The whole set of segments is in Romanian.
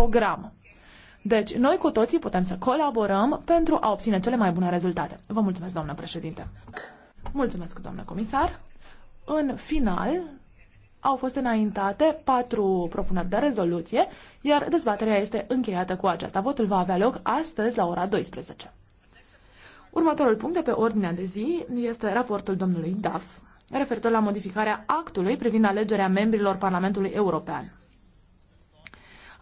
program. Deci, noi cu toții putem să colaborăm pentru a obține cele mai bune rezultate. Vă mulțumesc, doamnă președinte. Mulțumesc, doamnă comisar. În final, au fost înaintate patru propuneri de rezoluție, iar dezbaterea este încheiată cu aceasta. Votul va avea loc astăzi la ora 12. Următorul punct de pe ordinea de zi este raportul domnului Daf, referitor la modificarea actului privind alegerea membrilor Parlamentului European.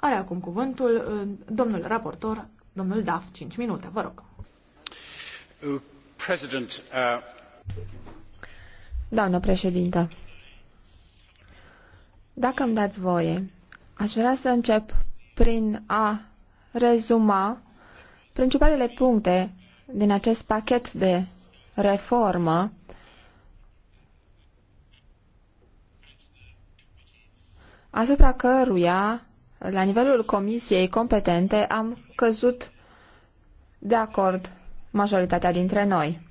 Are acum cuvântul uh, domnul raportor, domnul Daf, 5 minute, vă rog. President, uh... Doamnă președintă, dacă îmi dați voie, aș vrea să încep prin a rezuma principalele puncte din acest pachet de reformă asupra căruia la nivelul comisiei competente am căzut de acord majoritatea dintre noi.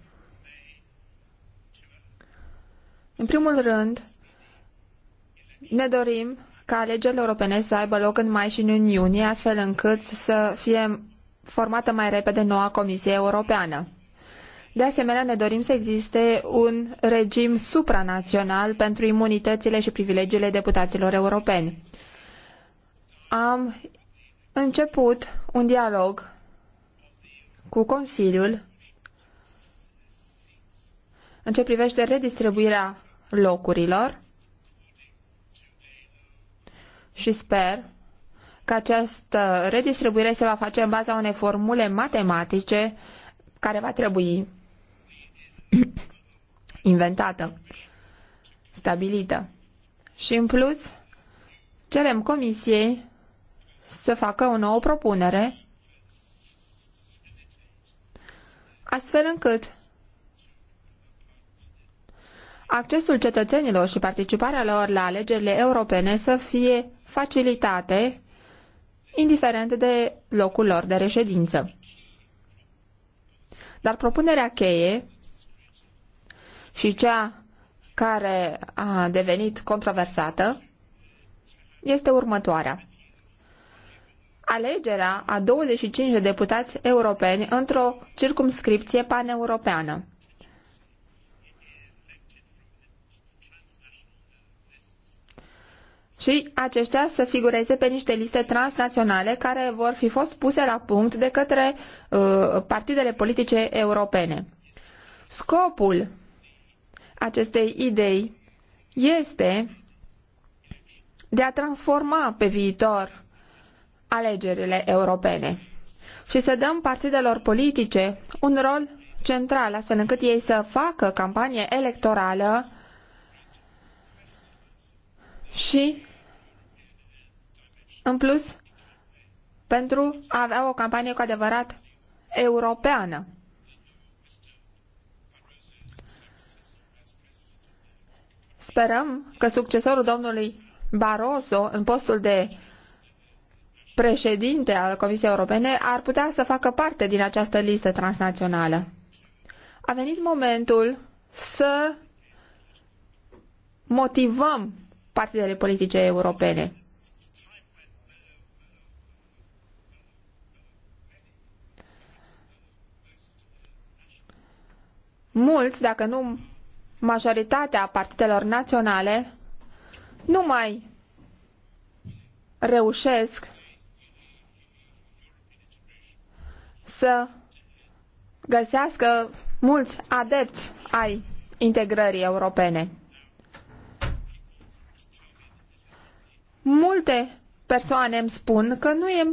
În primul rând, ne dorim ca alegerile europene să aibă loc în mai și în iunie, astfel încât să fie formată mai repede noua Comisie Europeană. De asemenea, ne dorim să existe un regim supranațional pentru imunitățile și privilegiile deputaților europeni am început un dialog cu Consiliul în ce privește redistribuirea locurilor și sper că această redistribuire se va face în baza unei formule matematice care va trebui inventată, stabilită. Și în plus, cerem comisiei să facă o nouă propunere, astfel încât accesul cetățenilor și participarea lor la alegerile europene să fie facilitate, indiferent de locul lor de reședință. Dar propunerea cheie și cea care a devenit controversată este următoarea alegerea a 25 de deputați europeni într-o circumscripție paneuropeană. și aceștia să figureze pe niște liste transnaționale care vor fi fost puse la punct de către uh, partidele politice europene. Scopul acestei idei este de a transforma pe viitor alegerile europene și să dăm partidelor politice un rol central, astfel încât ei să facă campanie electorală și, în plus, pentru a avea o campanie cu adevărat europeană. Sperăm că succesorul domnului Barroso în postul de președinte al Comisiei Europene ar putea să facă parte din această listă transnațională. A venit momentul să motivăm partidele politice europene. Mulți, dacă nu majoritatea partidelor naționale, nu mai reușesc să găsească mulți adepți ai integrării europene. Multe persoane îmi spun că nu e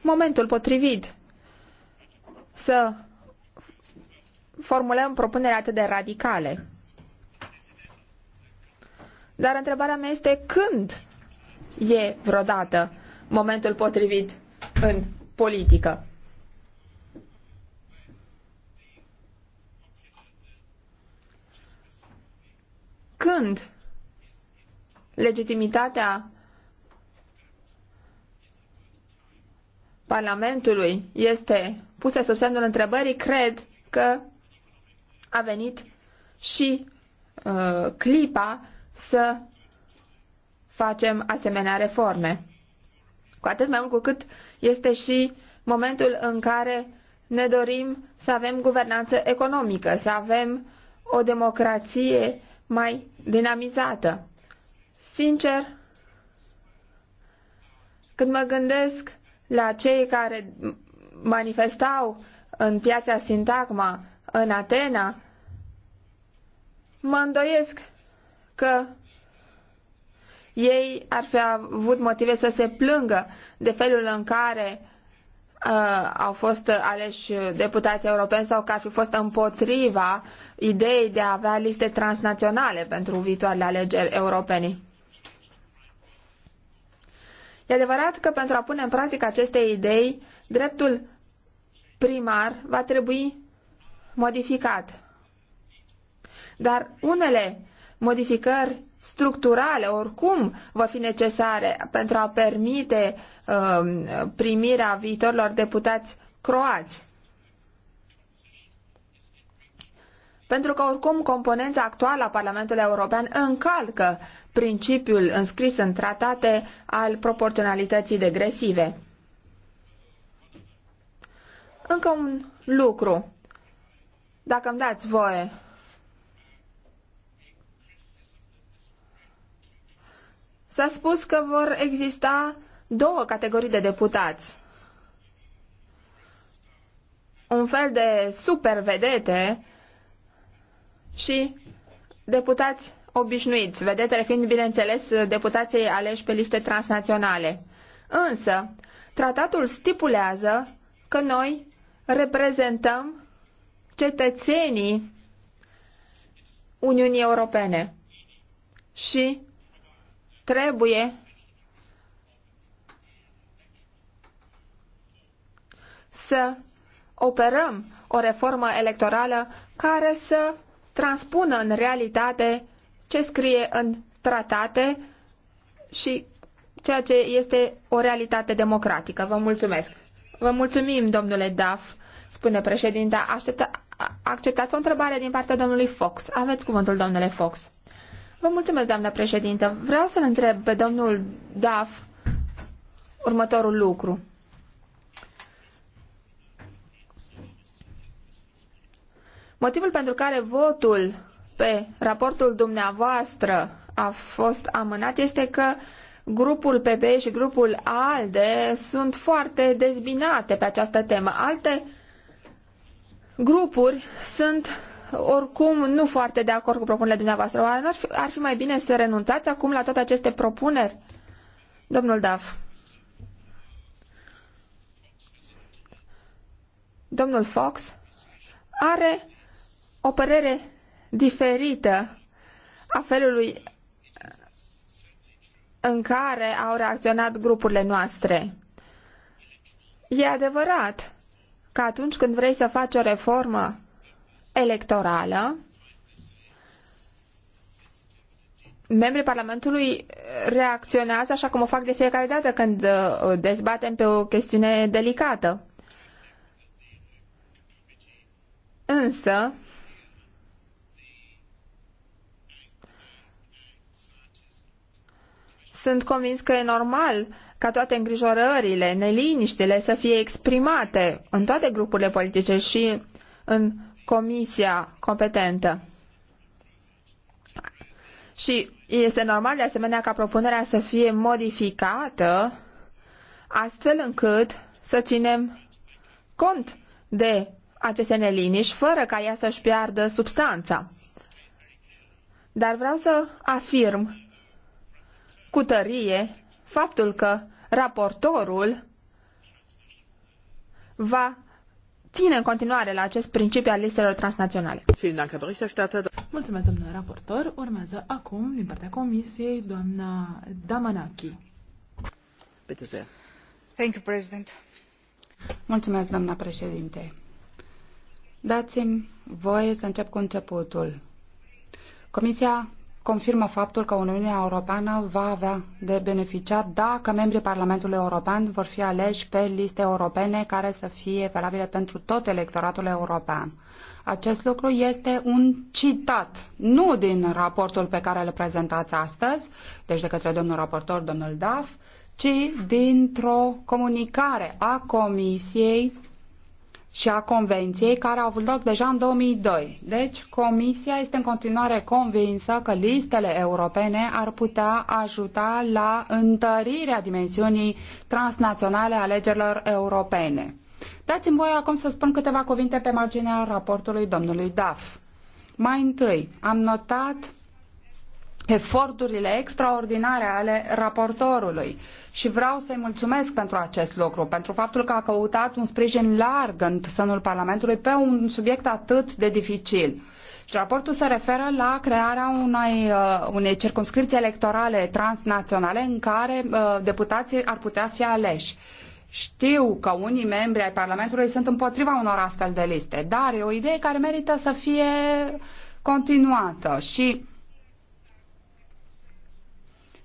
momentul potrivit să formulăm propuneri atât de radicale. Dar întrebarea mea este când e vreodată momentul potrivit în politică. când legitimitatea Parlamentului este pusă sub semnul întrebării, cred că a venit și uh, clipa să facem asemenea reforme. Cu atât mai mult cu cât este și momentul în care ne dorim să avem guvernanță economică, să avem o democrație mai dinamizată. Sincer, când mă gândesc la cei care manifestau în piața Sintagma, în Atena, mă îndoiesc că ei ar fi avut motive să se plângă de felul în care uh, au fost aleși deputații europeni sau că ar fi fost împotriva ideii de a avea liste transnaționale pentru viitoarele alegeri europene. E adevărat că pentru a pune în practică aceste idei, dreptul primar va trebui modificat. Dar unele modificări structurale oricum vor fi necesare pentru a permite uh, primirea viitorilor deputați croați. Pentru că oricum componența actuală a Parlamentului European încalcă principiul înscris în tratate al proporționalității degresive. Încă un lucru. Dacă îmi dați voie, S-a spus că vor exista două categorii de deputați. Un fel de supervedete și deputați obișnuiți, vedetele fiind, bineînțeles, deputații aleși pe liste transnaționale. Însă, tratatul stipulează că noi reprezentăm cetățenii Uniunii Europene și Trebuie să operăm o reformă electorală care să transpună în realitate ce scrie în tratate și ceea ce este o realitate democratică. Vă mulțumesc. Vă mulțumim, domnule Daf, spune președinta. Acceptați o întrebare din partea domnului Fox. Aveți cuvântul, domnule Fox. Vă mulțumesc, doamnă președintă. Vreau să-l întreb pe domnul Daf următorul lucru. Motivul pentru care votul pe raportul dumneavoastră a fost amânat este că grupul PPE și grupul ALDE sunt foarte dezbinate pe această temă. Alte grupuri sunt oricum nu foarte de acord cu propunerile dumneavoastră. Oare ar fi, ar fi mai bine să renunțați acum la toate aceste propuneri? Domnul Daf. Domnul Fox are o părere diferită a felului în care au reacționat grupurile noastre. E adevărat că atunci când vrei să faci o reformă electorală, membrii Parlamentului reacționează așa cum o fac de fiecare dată când uh, dezbatem pe o chestiune delicată. Însă, sunt convins că e normal ca toate îngrijorările, neliniștile să fie exprimate în toate grupurile politice și în comisia competentă. Și este normal de asemenea ca propunerea să fie modificată astfel încât să ținem cont de aceste neliniști fără ca ea să-și piardă substanța. Dar vreau să afirm cu tărie faptul că raportorul va ține în continuare la acest principiu al listelor transnaționale. Mulțumesc, domnule raportor. Urmează acum, din partea Comisiei, doamna Damanaki. Thank you, President. Mulțumesc, doamna președinte. Dați-mi voie să încep cu începutul. Comisia confirmă faptul că Uniunea Europeană va avea de beneficiat dacă membrii Parlamentului European vor fi aleși pe liste europene care să fie valabile pentru tot electoratul european. Acest lucru este un citat, nu din raportul pe care îl prezentați astăzi, deci de către domnul raportor, domnul Daf, ci dintr-o comunicare a Comisiei și a Convenției care au avut loc deja în 2002. Deci, Comisia este în continuare convinsă că listele europene ar putea ajuta la întărirea dimensiunii transnaționale a alegerilor europene. Dați-mi voi acum să spun câteva cuvinte pe marginea raportului domnului Duff. Mai întâi, am notat eforturile extraordinare ale raportorului și vreau să-i mulțumesc pentru acest lucru, pentru faptul că a căutat un sprijin larg în sânul Parlamentului pe un subiect atât de dificil. Și raportul se referă la crearea unei, uh, unei circunscripții electorale transnaționale în care uh, deputații ar putea fi aleși. Știu că unii membri ai Parlamentului sunt împotriva unor astfel de liste, dar e o idee care merită să fie continuată și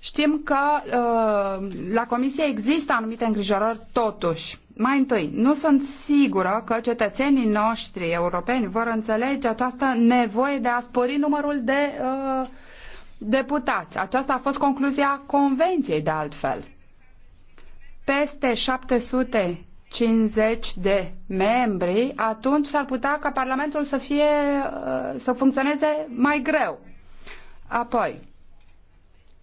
Știm că uh, la Comisie există anumite îngrijorări totuși. Mai întâi, nu sunt sigură că cetățenii noștri europeni vor înțelege această nevoie de a spori numărul de uh, deputați. Aceasta a fost concluzia convenției, de altfel. Peste 750 de membri, atunci s-ar putea ca Parlamentul să, fie, uh, să funcționeze mai greu. Apoi,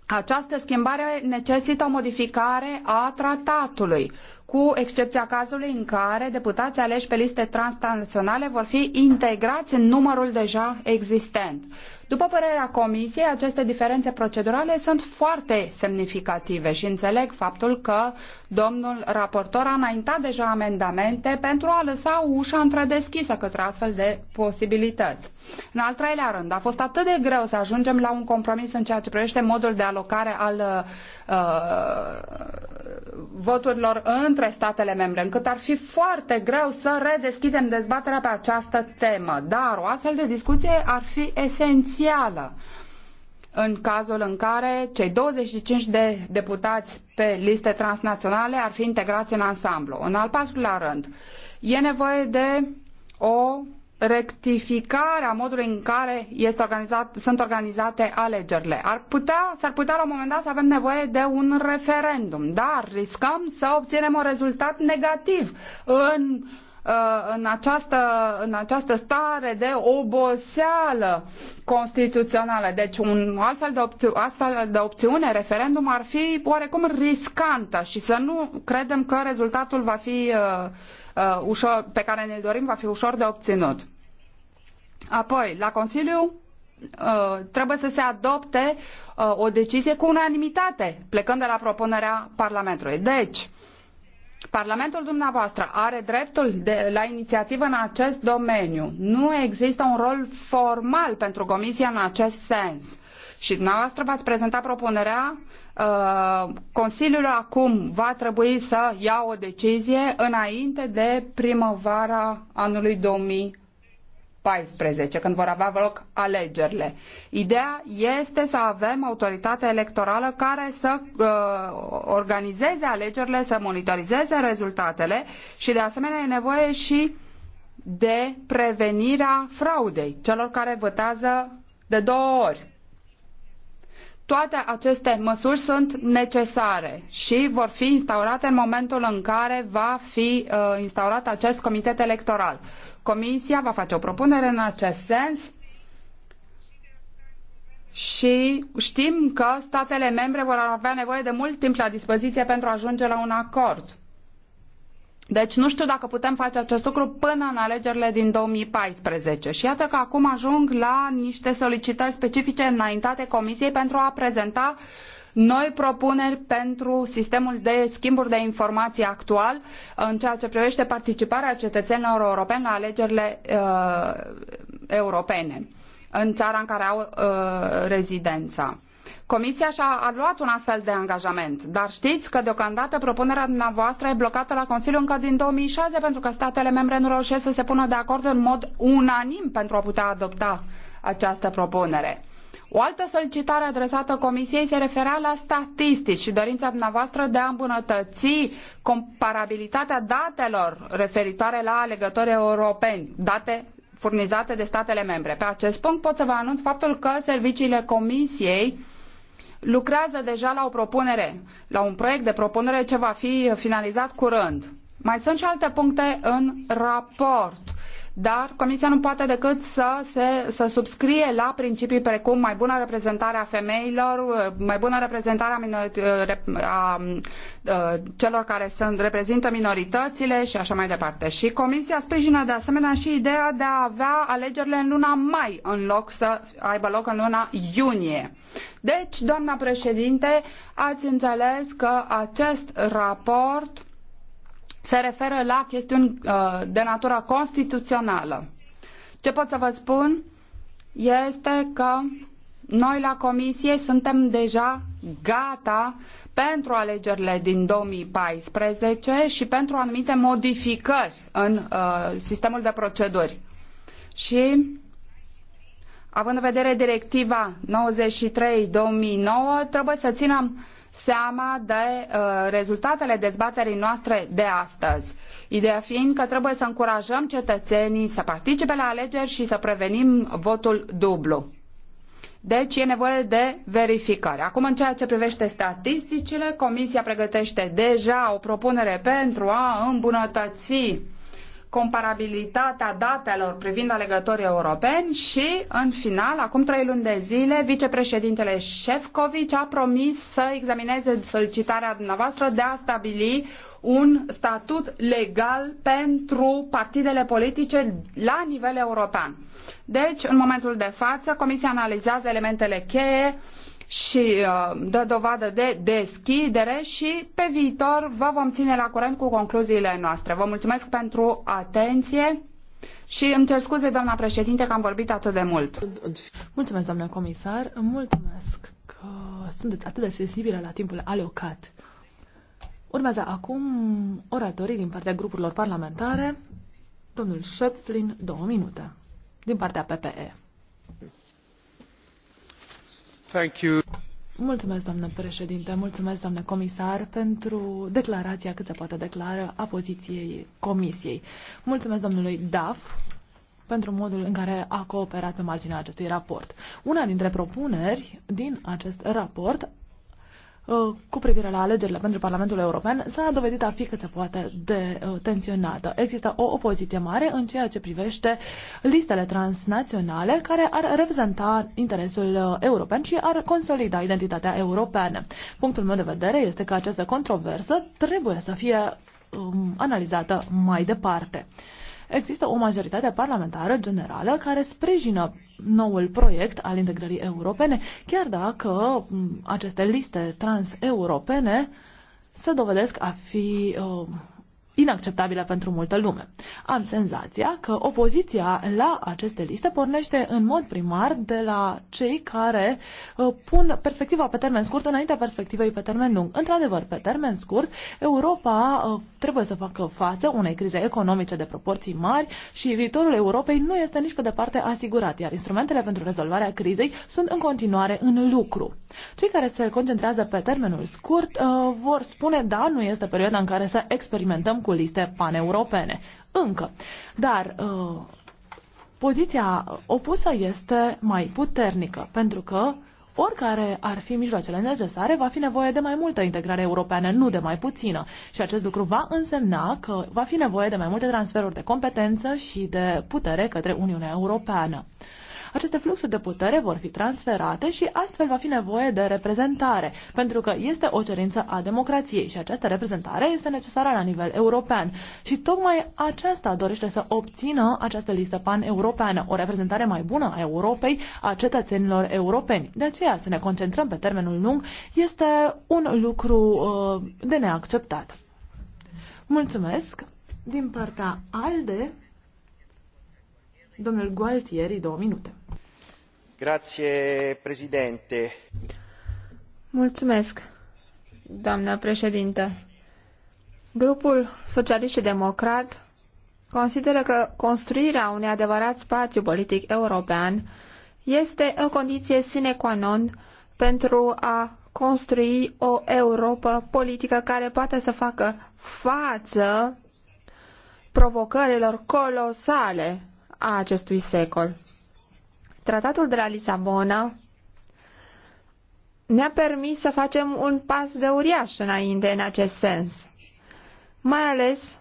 această schimbare necesită o modificare a tratatului cu excepția cazului în care deputații aleși pe liste transnaționale vor fi integrați în numărul deja existent. După părerea Comisiei, aceste diferențe procedurale sunt foarte semnificative și înțeleg faptul că domnul raportor a înaintat deja amendamente pentru a lăsa ușa întredeschisă către astfel de posibilități. În al treilea rând, a fost atât de greu să ajungem la un compromis în ceea ce privește modul de alocare al uh, voturilor între statele membre, încât ar fi foarte greu să redeschidem dezbaterea pe această temă. Dar o astfel de discuție ar fi esențială în cazul în care cei 25 de deputați pe liste transnaționale ar fi integrați în ansamblu. În al patrulea rând, e nevoie de o rectificarea modului în care este organizat, sunt organizate alegerile. Ar putea, s-ar putea la un moment dat să avem nevoie de un referendum, dar riscăm să obținem un rezultat negativ în uh, în această, în această stare de oboseală constituțională. Deci un altfel de opți- astfel de opțiune, referendum, ar fi oarecum riscantă și să nu credem că rezultatul va fi uh, uh, ușor, pe care ne-l dorim va fi ușor de obținut. Apoi, la Consiliu uh, trebuie să se adopte uh, o decizie cu unanimitate, plecând de la propunerea Parlamentului. Deci, Parlamentul dumneavoastră are dreptul de, la inițiativă în acest domeniu. Nu există un rol formal pentru Comisia în acest sens. Și dumneavoastră v-ați prezentat propunerea, uh, Consiliul acum va trebui să ia o decizie înainte de primăvara anului 2000. 2014, când vor avea loc alegerile. Ideea este să avem autoritatea electorală care să uh, organizeze alegerile, să monitorizeze rezultatele și de asemenea e nevoie și de prevenirea fraudei celor care votează de două ori. Toate aceste măsuri sunt necesare și vor fi instaurate în momentul în care va fi uh, instaurat acest comitet electoral. Comisia va face o propunere în acest sens și știm că statele membre vor avea nevoie de mult timp la dispoziție pentru a ajunge la un acord. Deci nu știu dacă putem face acest lucru până în alegerile din 2014. Și iată că acum ajung la niște solicitări specifice înaintate Comisiei pentru a prezenta uh, noi propuneri pentru sistemul de schimburi de informații actual în ceea ce privește participarea cetățenilor europeni la alegerile uh, europene în țara în care au uh, rezidența. Comisia și-a a luat un astfel de angajament, dar știți că deocamdată propunerea dumneavoastră e blocată la Consiliu încă din 2006 pentru că statele membre nu reușesc să se pună de acord în mod unanim pentru a putea adopta această propunere. O altă solicitare adresată Comisiei se referea la statistici și dorința dumneavoastră de a îmbunătăți comparabilitatea datelor referitoare la alegători europeni, date furnizate de statele membre. Pe acest punct pot să vă anunț faptul că serviciile Comisiei lucrează deja la o propunere, la un proiect de propunere ce va fi finalizat curând. Mai sunt și alte puncte în raport dar Comisia nu poate decât să, se, să subscrie la principii precum mai bună reprezentare a femeilor, mai bună reprezentare a, a, a, a celor care sunt, reprezintă minoritățile și așa mai departe. Și Comisia sprijină de asemenea și ideea de a avea alegerile în luna mai, în loc să aibă loc în luna iunie. deci, doamna președinte, ați înțeles că acest raport se referă la chestiuni uh, de natură constituțională. Ce pot să vă spun este că noi la comisie suntem deja gata pentru alegerile din 2014 și pentru anumite modificări în uh, sistemul de proceduri. Și având în vedere directiva 93-2009, trebuie să ținem seama de uh, rezultatele dezbaterii noastre de astăzi. Ideea fiind că trebuie să încurajăm cetățenii să participe la alegeri și să prevenim votul dublu. Deci e nevoie de verificare. Acum, în ceea ce privește statisticile, Comisia pregătește deja o propunere pentru a îmbunătăți comparabilitatea datelor privind alegătorii europeni și, în final, acum trei luni de zile, vicepreședintele Șefcovic a promis să examineze solicitarea dumneavoastră de a stabili un statut legal pentru partidele politice la nivel european. Deci, în momentul de față, Comisia analizează elementele cheie uh, și uh, dă dovadă de deschidere și pe viitor vă vom ține la curent cu concluziile noastre. Vă mulțumesc pentru atenție și îmi cer scuze, doamna președinte, că am vorbit atât de mult. Mulțumesc, doamna comisar, mulțumesc că sunteți atât de sensibilă la timpul alocat. Urmează acum oratorii din partea grupurilor parlamentare. Domnul Șepflin, două minute. Din partea PPE. Mulțumesc, președinte, mulțumesc, comisar, pentru declarația cât se poate declară a poziției comisiei. Mulțumesc domnului Daf pentru modul în care a cooperat pe marginea acestui raport. Una dintre propuneri din acest raport Uh, cu privire la alegerile pentru Parlamentul European s-a dovedit a fi cât se poate de uh, tensionată. Există o opoziție mare în ceea ce privește listele transnaționale care ar reprezenta interesul uh, european și ar consolida identitatea europeană. Punctul meu de vedere este că această controversă trebuie să fie um, analizată mai departe există o majoritate parlamentară generală care sprijină noul proiect al integrării europene, chiar dacă mm, aceste liste transeuropene se dovedesc a fi uh, inacceptabilă pentru multă lume. Am senzația că opoziția la aceste liste pornește în mod primar de la cei care uh, pun perspectiva pe termen scurt înaintea perspectivei pe termen lung. Într-adevăr, pe termen scurt, Europa uh, trebuie să facă față unei crize economice de proporții mari și viitorul Europei nu este nici pe departe asigurat, iar instrumentele pentru rezolvarea crizei sunt în continuare în lucru. Cei care se concentrează pe termenul scurt uh, vor spune, da, nu este perioada în care să experimentăm cu liste paneuropene. Încă. Dar uh, poziția opusă este mai puternică, pentru că oricare ar fi mijloacele necesare, va fi nevoie de mai multă integrare europeană, nu de mai puțină. Și acest lucru va însemna că va fi nevoie de mai multe transferuri de competență și de putere către Uniunea Europeană. Aceste fluxuri de putere vor fi transferate și astfel va fi nevoie de reprezentare, pentru că este o cerință a democrației și această reprezentare este necesară la nivel european. Și tocmai aceasta dorește să obțină această listă pan-europeană, o reprezentare mai bună a Europei, a cetățenilor europeni. De aceea, să ne concentrăm pe termenul lung este un lucru uh, de neacceptat. Mulțumesc! Din partea ALDE, domnul Gualtieri, două minute. Mulțumesc, doamnă președintă. Grupul Socialist și Democrat consideră că construirea unui adevărat spațiu politic european este o condiție sine qua non pentru a construi o Europă politică care poate să facă față provocărilor colosale a acestui secol. Tratatul de la Lisabona ne-a permis să facem un pas de uriaș înainte în acest sens, mai ales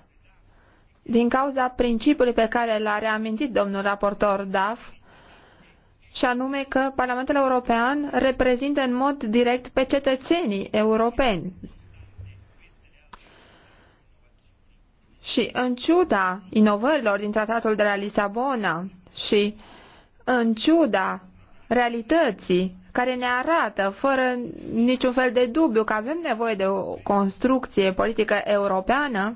din cauza principiului pe care l-a reamintit domnul raportor Daf, și anume că Parlamentul European reprezintă în mod direct pe cetățenii europeni. Și în ciuda inovărilor din tratatul de la Lisabona și în ciuda realității care ne arată fără niciun fel de dubiu că avem nevoie de o construcție politică europeană,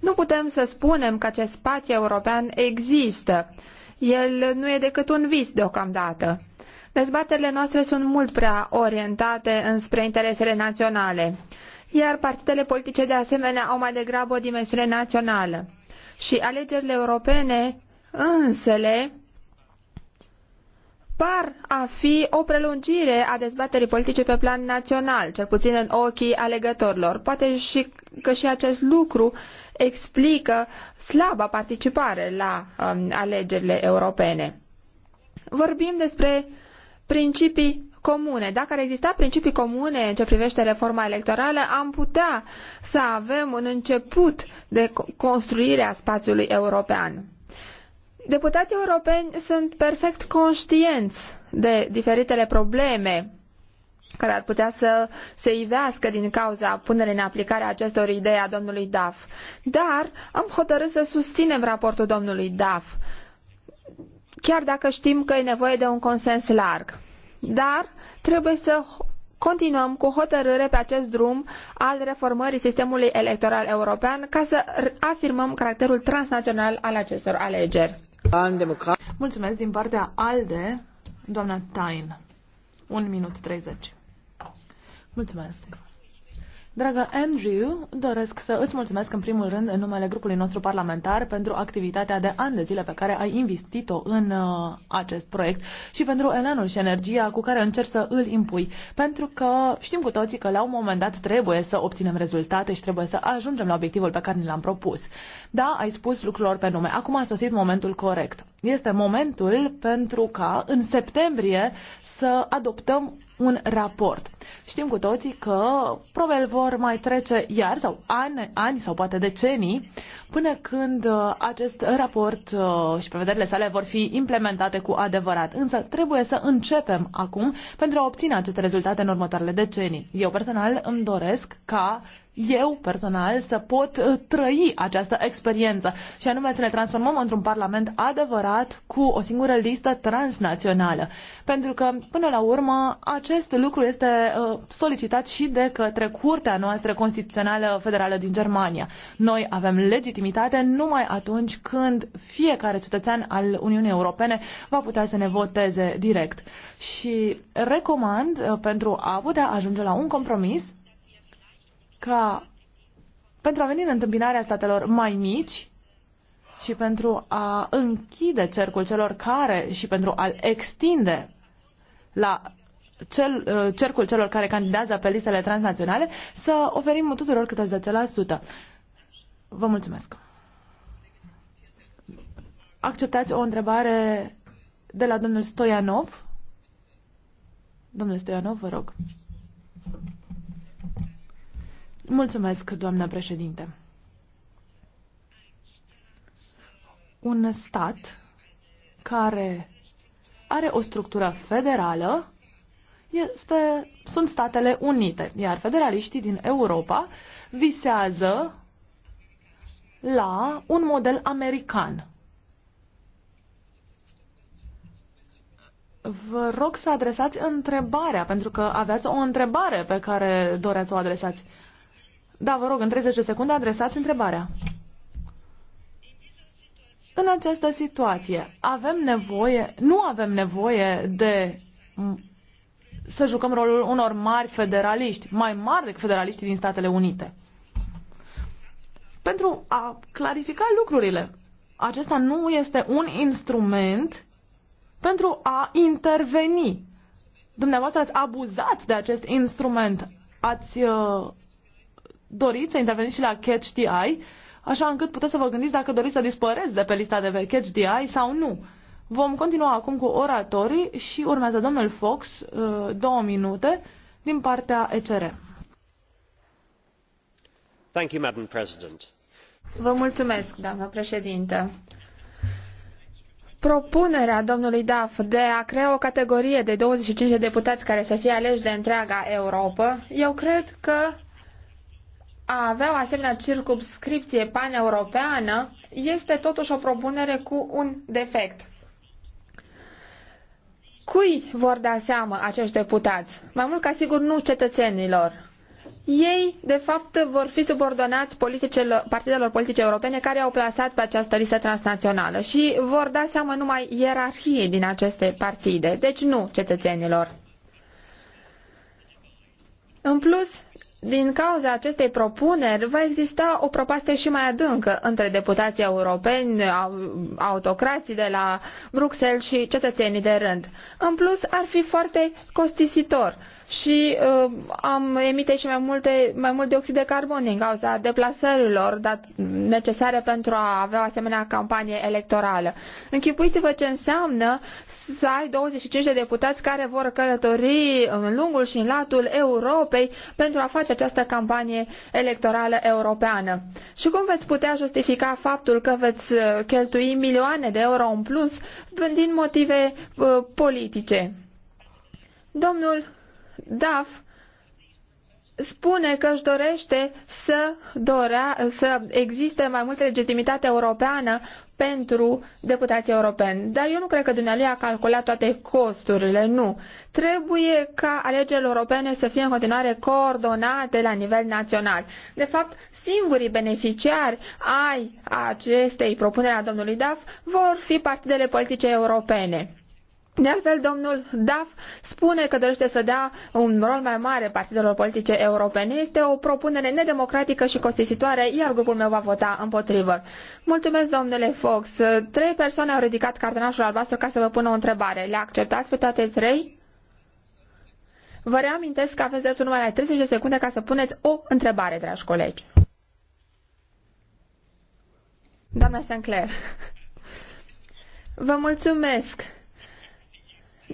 nu putem să spunem că acest spațiu european există. El nu e decât un vis deocamdată. Dezbaterile noastre sunt mult prea orientate înspre interesele naționale, iar partidele politice de asemenea au mai degrabă o dimensiune națională. Și alegerile europene însele par a fi o prelungire a dezbaterii politice pe plan național, cel puțin în ochii alegătorilor. Poate și că și acest lucru explică slaba participare la um, alegerile europene. Vorbim despre principii comune. Dacă ar exista principii comune în ce privește reforma electorală, am putea să avem un început de construire a spațiului european. Deputații europeni sunt perfect conștienți de diferitele probleme care ar putea să se ivească din cauza punerii în aplicare a acestor idei a domnului Daf. Dar am hotărât să susținem raportul domnului Daf, chiar dacă știm că e nevoie de un consens larg. Dar trebuie să continuăm cu hotărâre pe acest drum al reformării sistemului electoral european ca să afirmăm caracterul transnațional al acestor alegeri. Mulțumesc din partea ALDE, doamna Tain. 1 minut 30. Mulțumesc. Dragă Andrew, doresc să îți mulțumesc în primul rând în numele grupului nostru parlamentar pentru activitatea de ani de zile pe care ai investit-o în uh, acest proiect și pentru elanul și energia cu care încerci să îl impui. Pentru că știm cu toții că la un moment dat trebuie să obținem rezultate și trebuie să ajungem la obiectivul pe care ne l-am propus. Da, ai spus lucrurilor pe nume. Acum a sosit momentul corect este momentul pentru ca în septembrie să adoptăm un raport. Știm cu toții că probabil vor mai trece iar sau ani, ani sau poate decenii până când uh, acest raport uh, și prevederile sale vor fi implementate cu adevărat. Însă trebuie să începem acum pentru a obține aceste rezultate în următoarele decenii. Eu personal îmi doresc ca eu personal să pot uh, trăi această experiență și anume să ne transformăm într-un parlament adevărat cu o singură listă transnațională. Pentru că, până la urmă, acest lucru este uh, solicitat și de către Curtea noastră Constituțională Federală din Germania. Noi avem legitimitate numai atunci când fiecare cetățean al Uniunii Europene va putea să ne voteze direct. Și recomand, uh, pentru a putea ajunge la un compromis, ca pentru a veni în întâmpinarea statelor mai mici și pentru a închide cercul celor care și pentru a-l extinde la cel, uh, cercul celor care candidează pe listele transnaționale, să oferim tuturor câte 10%. Vă mulțumesc. Acceptați o întrebare de la domnul Stoianov? Domnule Stoianov, vă rog. Mulțumesc, doamnă președinte. Un stat care are o structură federală este, sunt Statele Unite, iar federaliștii din Europa visează la un model american. Vă rog să adresați întrebarea, pentru că aveați o întrebare pe care doreați să o adresați. Da, vă rog, în 30 de secunde adresați întrebarea. În această situație avem nevoie, nu avem nevoie de să jucăm rolul unor mari federaliști, mai mari decât federaliștii din Statele Unite. Pentru a clarifica lucrurile, acesta nu este un instrument pentru a interveni. Dumneavoastră ați abuzat de acest instrument, ați uh, doriți să interveniți și la Catch the Eye, așa încât puteți să vă gândiți dacă doriți să dispăreți de pe lista de pe Catch the Eye sau nu. Vom continua acum cu oratorii și urmează domnul Fox, uh, două minute, din partea ECR. Thank you, Madam President. Vă mulțumesc, doamnă președintă. Propunerea domnului Duff de a crea o categorie de 25 de deputați care să fie aleși de întreaga Europa, eu cred că a avea o asemenea circumscripție paneuropeană este totuși o propunere cu un defect. Cui vor da seama acești deputați? Mai mult ca sigur nu cetățenilor. Ei, de fapt, vor fi subordonați politicelor, partidelor politice europene care au plasat pe această listă transnațională și vor da seama numai ierarhiei din aceste partide, deci nu cetățenilor. În plus, din cauza acestei propuneri va exista o propastie și mai adâncă între deputații europeni, autocrații de la Bruxelles și cetățenii de rând. În plus, ar fi foarte costisitor și uh, am emite și mai, multe, mai mult dioxid de carbon din cauza deplasărilor dat, necesare pentru a avea o asemenea campanie electorală. Închipuiți-vă ce înseamnă să ai 25 de deputați care vor călători în lungul și în latul Europei pentru a face această campanie electorală europeană. Și cum veți putea justifica faptul că veți uh, cheltui milioane de euro în plus din motive uh, politice? Domnul DAF spune că își dorește să, dorea, să existe mai multă legitimitate europeană pentru deputații europeni. Dar eu nu cred că dumnealui a calculat toate costurile, nu. Trebuie ca alegerile europene să fie în continuare coordonate la nivel național. De fapt, singurii beneficiari ai acestei propuneri a domnului Daf vor fi partidele politice europene. De altfel, domnul Daf spune că dorește să dea un rol mai mare partidelor politice europene. Este o propunere nedemocratică și costisitoare, iar grupul meu va vota împotrivă. Mulțumesc, domnule Fox. Trei persoane au ridicat cartonașul albastru ca să vă pună o întrebare. Le acceptați pe toate trei? Vă reamintesc că aveți dreptul numai la 30 de secunde ca să puneți o întrebare, dragi colegi. Doamna Sinclair, vă mulțumesc.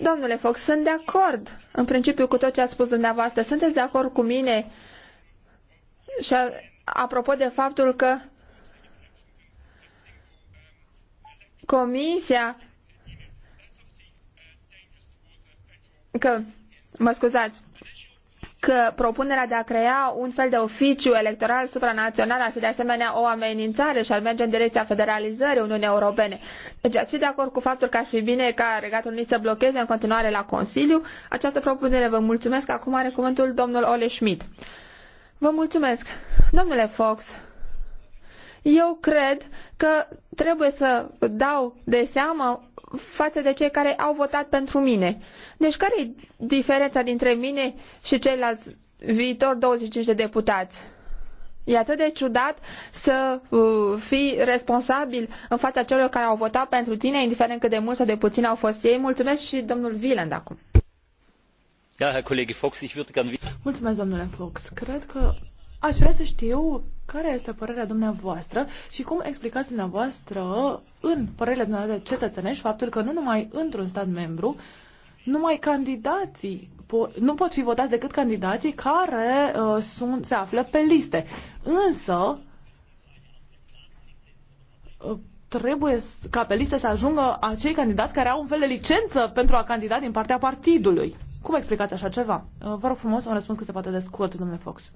Domnule Fox, sunt de acord în principiu cu tot ce ați spus dumneavoastră. Sunteți de acord cu mine? Și a, apropo de faptul că comisia că mă scuzați că propunerea de a crea un fel de oficiu electoral supranațional ar fi de asemenea o amenințare și ar merge în direcția federalizării Uniunii Europene. Deci ați fi de acord cu faptul că ar fi bine ca Regatul Unit să blocheze în continuare la Consiliu această propunere. Vă mulțumesc. Acum are cuvântul domnul Ole Schmidt. Vă mulțumesc. Domnule Fox, eu cred că trebuie să dau de seamă față de cei care au votat pentru mine. Deci care e diferența dintre mine și ceilalți viitor 25 de deputați? E atât de ciudat să uh, fii responsabil în fața celor care au votat pentru tine, indiferent cât de mult sau de puțin au fost ei. Mulțumesc și domnul Wieland acum. Da, Herr Kollege Fox, ich würde gern... Mulțumesc, domnule Fox. Cred că aș vrea să știu care este părerea dumneavoastră și cum explicați dumneavoastră în părerea dumneavoastră cetățenești faptul că nu numai într-un stat membru, uh, numai candidații nu pot fi votați decât candidații care uh, sunt, se află pe liste. Însă, uh, trebuie ca pe listă să ajungă acei candidați care au un fel de licență pentru a candida din partea partidului. Cum explicați așa ceva? Uh, vă rog frumos, un răspuns cât se poate de scurt, domnule Fox.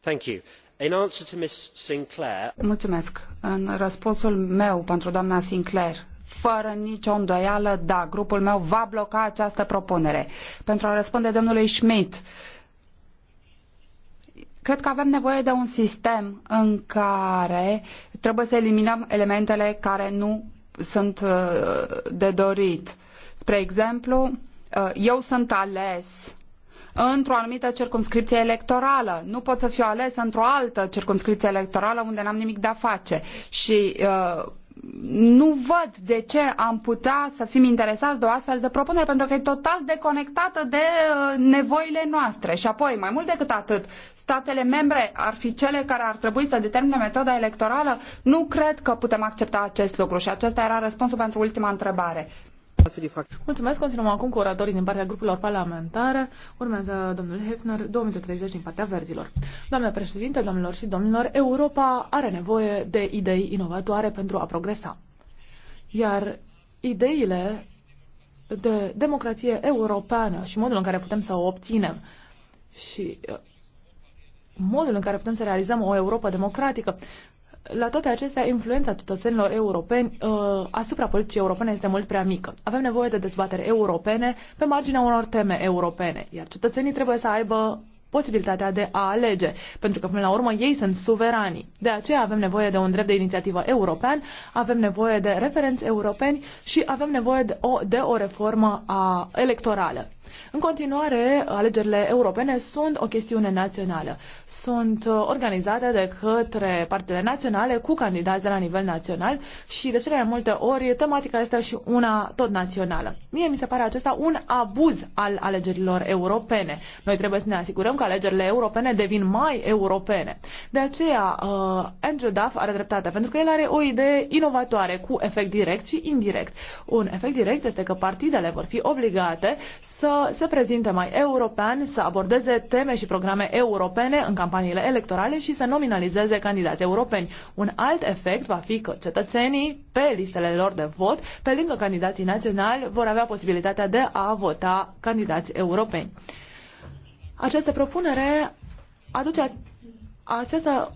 Thank you. In answer to Ms. Sinclair... Mulțumesc. În răspunsul meu pentru doamna Sinclair, fără nicio îndoială, da, grupul meu va bloca această propunere. Pentru a răspunde domnului Schmidt, cred că avem nevoie de un sistem în care trebuie să eliminăm elementele care nu sunt uh, de dorit. Spre exemplu, uh, eu sunt ales într-o anumită circumscripție electorală. Nu pot să fiu ales într-o altă circumscripție electorală unde n-am nimic de a face. Și uh, nu văd de ce am putea să fim interesați de o astfel de propunere, pentru că e total deconectată de uh, nevoile noastre. Și apoi, mai mult decât atât, statele membre ar fi cele care ar trebui să determine metoda electorală? Nu cred că putem accepta acest lucru și acesta era răspunsul pentru ultima întrebare. Mulțumesc. Continuăm acum cu oratorii din partea grupurilor parlamentare. Urmează domnul Hefner, 2030 din partea verzilor. Doamne președinte, domnilor și domnilor, Europa are nevoie de idei inovatoare pentru a progresa. Iar ideile de democrație europeană și modul în care putem să o obținem și uh, modul în care putem să realizăm o Europa democratică la toate acestea, influența cetățenilor europeni uh, asupra politicii europene este mult prea mică. Avem nevoie de dezbatere europene pe marginea unor teme europene, iar cetățenii trebuie să aibă posibilitatea de a alege, pentru că până la urmă ei sunt suverani. De aceea avem nevoie de un drept de inițiativă european, avem nevoie de referenți europeni și avem nevoie de o, de o reformă a, electorală. În continuare, alegerile europene sunt o chestiune națională. Sunt uh, organizate de către partele naționale cu candidați de la nivel național și de cele mai multe ori tematica este și una tot națională. Mie mi se pare acesta un abuz al alegerilor europene. Noi trebuie să ne asigurăm că că alegerile europene devin mai europene. De aceea, uh, Andrew Duff are dreptate, pentru că el are o idee inovatoare cu efect direct și indirect. Un efect direct este că partidele vor fi obligate să se prezinte mai european, să abordeze teme și programe europene în campaniile electorale și să nominalizeze candidați europeni. Un alt efect va fi că cetățenii, pe listele lor de vot, pe lângă candidații naționali, vor avea posibilitatea de a vota candidați europeni. Această propunere aduce această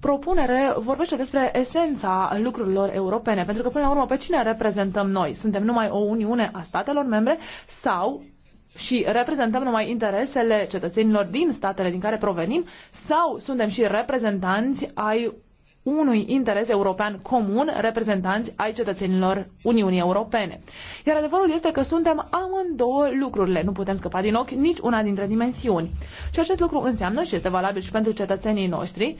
propunere vorbește despre esența lucrurilor europene, pentru că până la urmă pe cine reprezentăm noi? Suntem numai o uniune a statelor membre sau și reprezentăm numai interesele cetățenilor din statele din care provenim sau suntem și reprezentanți ai unui interes european comun, reprezentanți ai cetățenilor Uniunii Europene. Iar adevărul este că suntem amândouă lucrurile, nu putem scăpa din ochi nici una dintre dimensiuni. Și acest lucru înseamnă și este valabil și pentru cetățenii noștri,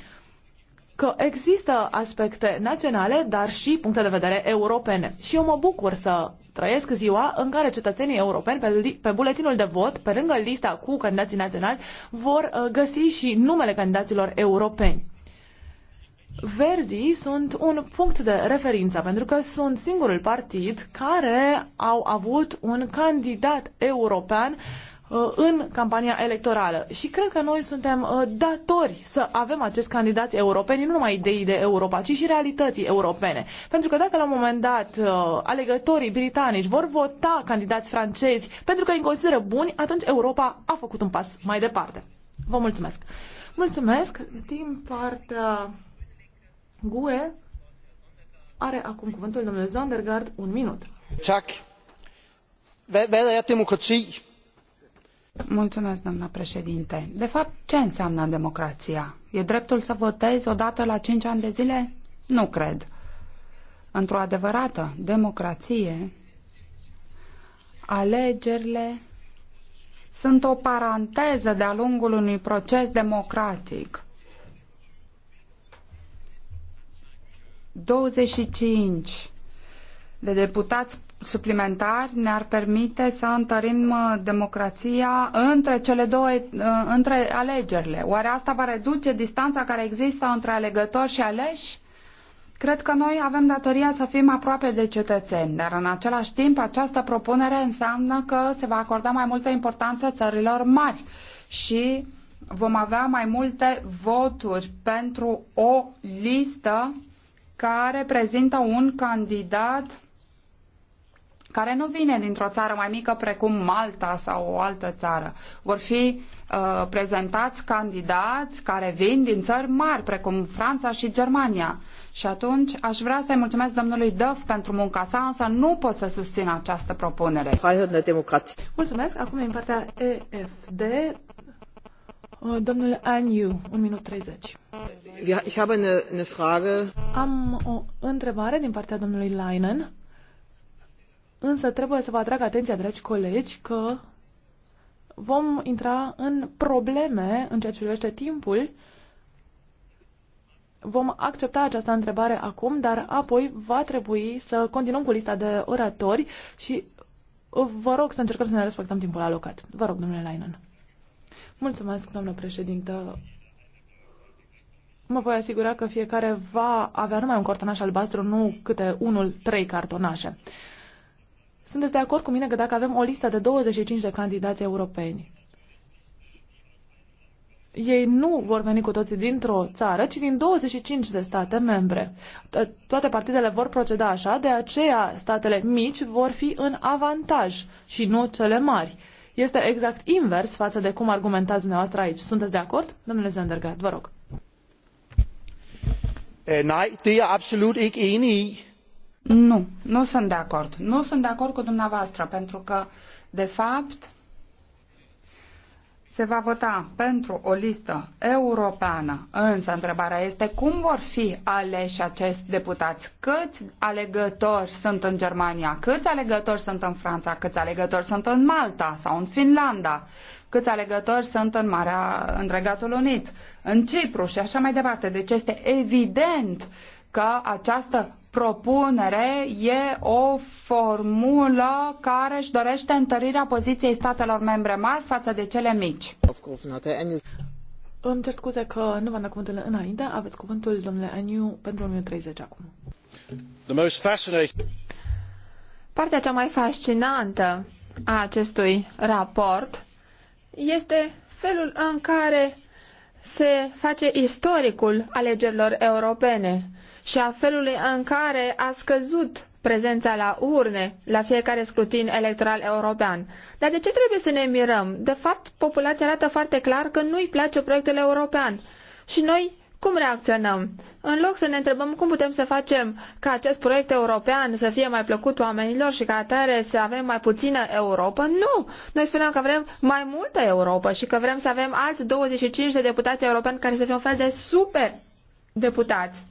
că există aspecte naționale, dar și puncte de vedere europene. Și eu mă bucur să trăiesc ziua în care cetățenii europeni pe, pe buletinul de vot, pe lângă lista cu candidații naționali, vor uh, găsi și numele candidaților europeni. Verdii sunt un punct de referință pentru că sunt singurul partid care au avut un candidat european uh, în campania electorală. Și cred că noi suntem uh, datori să avem acest candidat europeni, nu numai idei de Europa, ci și realității europene. Pentru că dacă la un moment dat uh, alegătorii britanici vor vota candidați francezi pentru că îi consideră buni, atunci Europa a făcut un pas mai departe. Vă mulțumesc! Mulțumesc din partea GUE are acum cuvântul domnul Zondergaard, un minut. Tak. Hvad er demokrati? Mulțumesc, doamna președinte. De fapt, ce înseamnă democrația? E dreptul să votezi odată la cinci ani de zile? Nu cred. Într-o adevărată democrație, alegerile sunt o paranteză de-a lungul unui proces democratic 25 de deputați suplimentari ne-ar permite să întărim uh, democrația între cele două, uh, între alegerile. Oare asta va reduce distanța care există între alegători și aleși? Cred că noi avem datoria să fim aproape de cetățeni, dar în același timp această propunere înseamnă că se va acorda mai multă importanță țărilor mari și vom avea mai multe voturi pentru o listă care prezintă un candidat care nu vine dintr-o țară mai mică precum Malta sau o altă țară. Vor fi uh, prezentați candidați care vin din țări mari precum Franța și Germania. Și atunci aș vrea să-i mulțumesc domnului Duff pentru munca sa, însă nu pot să susțin această propunere. Mulțumesc. Acum e în partea EFD. Uh, domnul Aniu, 1 minut 30. Ich habe eine, eine Frage. Am o întrebare din partea domnului Leinen, însă trebuie să vă atrag atenția, dragi colegi, că vom intra în probleme în ceea ce privește timpul. Vom accepta această întrebare acum, dar apoi va trebui să continuăm cu lista de oratori și vă rog să încercăm să ne respectăm timpul alocat. Vă rog, domnule Leinen. Mulțumesc, doamnă președintă mă voi asigura că fiecare va avea numai un cartonaș albastru, nu câte unul, trei cartonașe. Sunteți de acord cu mine că dacă avem o listă de 25 de candidați europeni, ei nu vor veni cu toții dintr-o țară, ci din 25 de state membre. Toate partidele vor proceda așa, de aceea statele mici vor fi în avantaj și nu cele mari. Este exact invers față de cum argumentați dumneavoastră aici. Sunteți de acord? Domnule Zendergaard, vă rog. Øh, er absolut Nu, nu sunt de acord. Nu sunt de acord cu dumneavoastră, pentru că, de fapt, se va vota pentru o listă europeană, însă întrebarea este cum vor fi aleși acești deputați, câți alegători sunt în Germania, câți alegători sunt în Franța, câți alegători sunt în Malta sau în Finlanda, câți alegători sunt în Marea în Regatul Unit în Cipru și așa mai departe. Deci este evident că această propunere e o formulă care își dorește întărirea poziției statelor membre mari față de cele mici. Îmi cer scuze că nu v-am dat cuvântul înainte. Aveți cuvântul, domnule Aniu, pentru 1.30 acum. The most Partea cea mai fascinantă a acestui raport este felul în care se face istoricul alegerilor europene și a felului în care a scăzut prezența la urne la fiecare scrutin electoral european. Dar de ce trebuie să ne mirăm? De fapt, populația arată foarte clar că nu-i place proiectul european. Și noi cum reacționăm? În loc să ne întrebăm cum putem să facem ca acest proiect european să fie mai plăcut oamenilor și ca atare să avem mai puțină Europa, nu! Noi spunem că vrem mai multă Europa și că vrem să avem alți 25 de deputați europeni care să fie un fel de super deputați.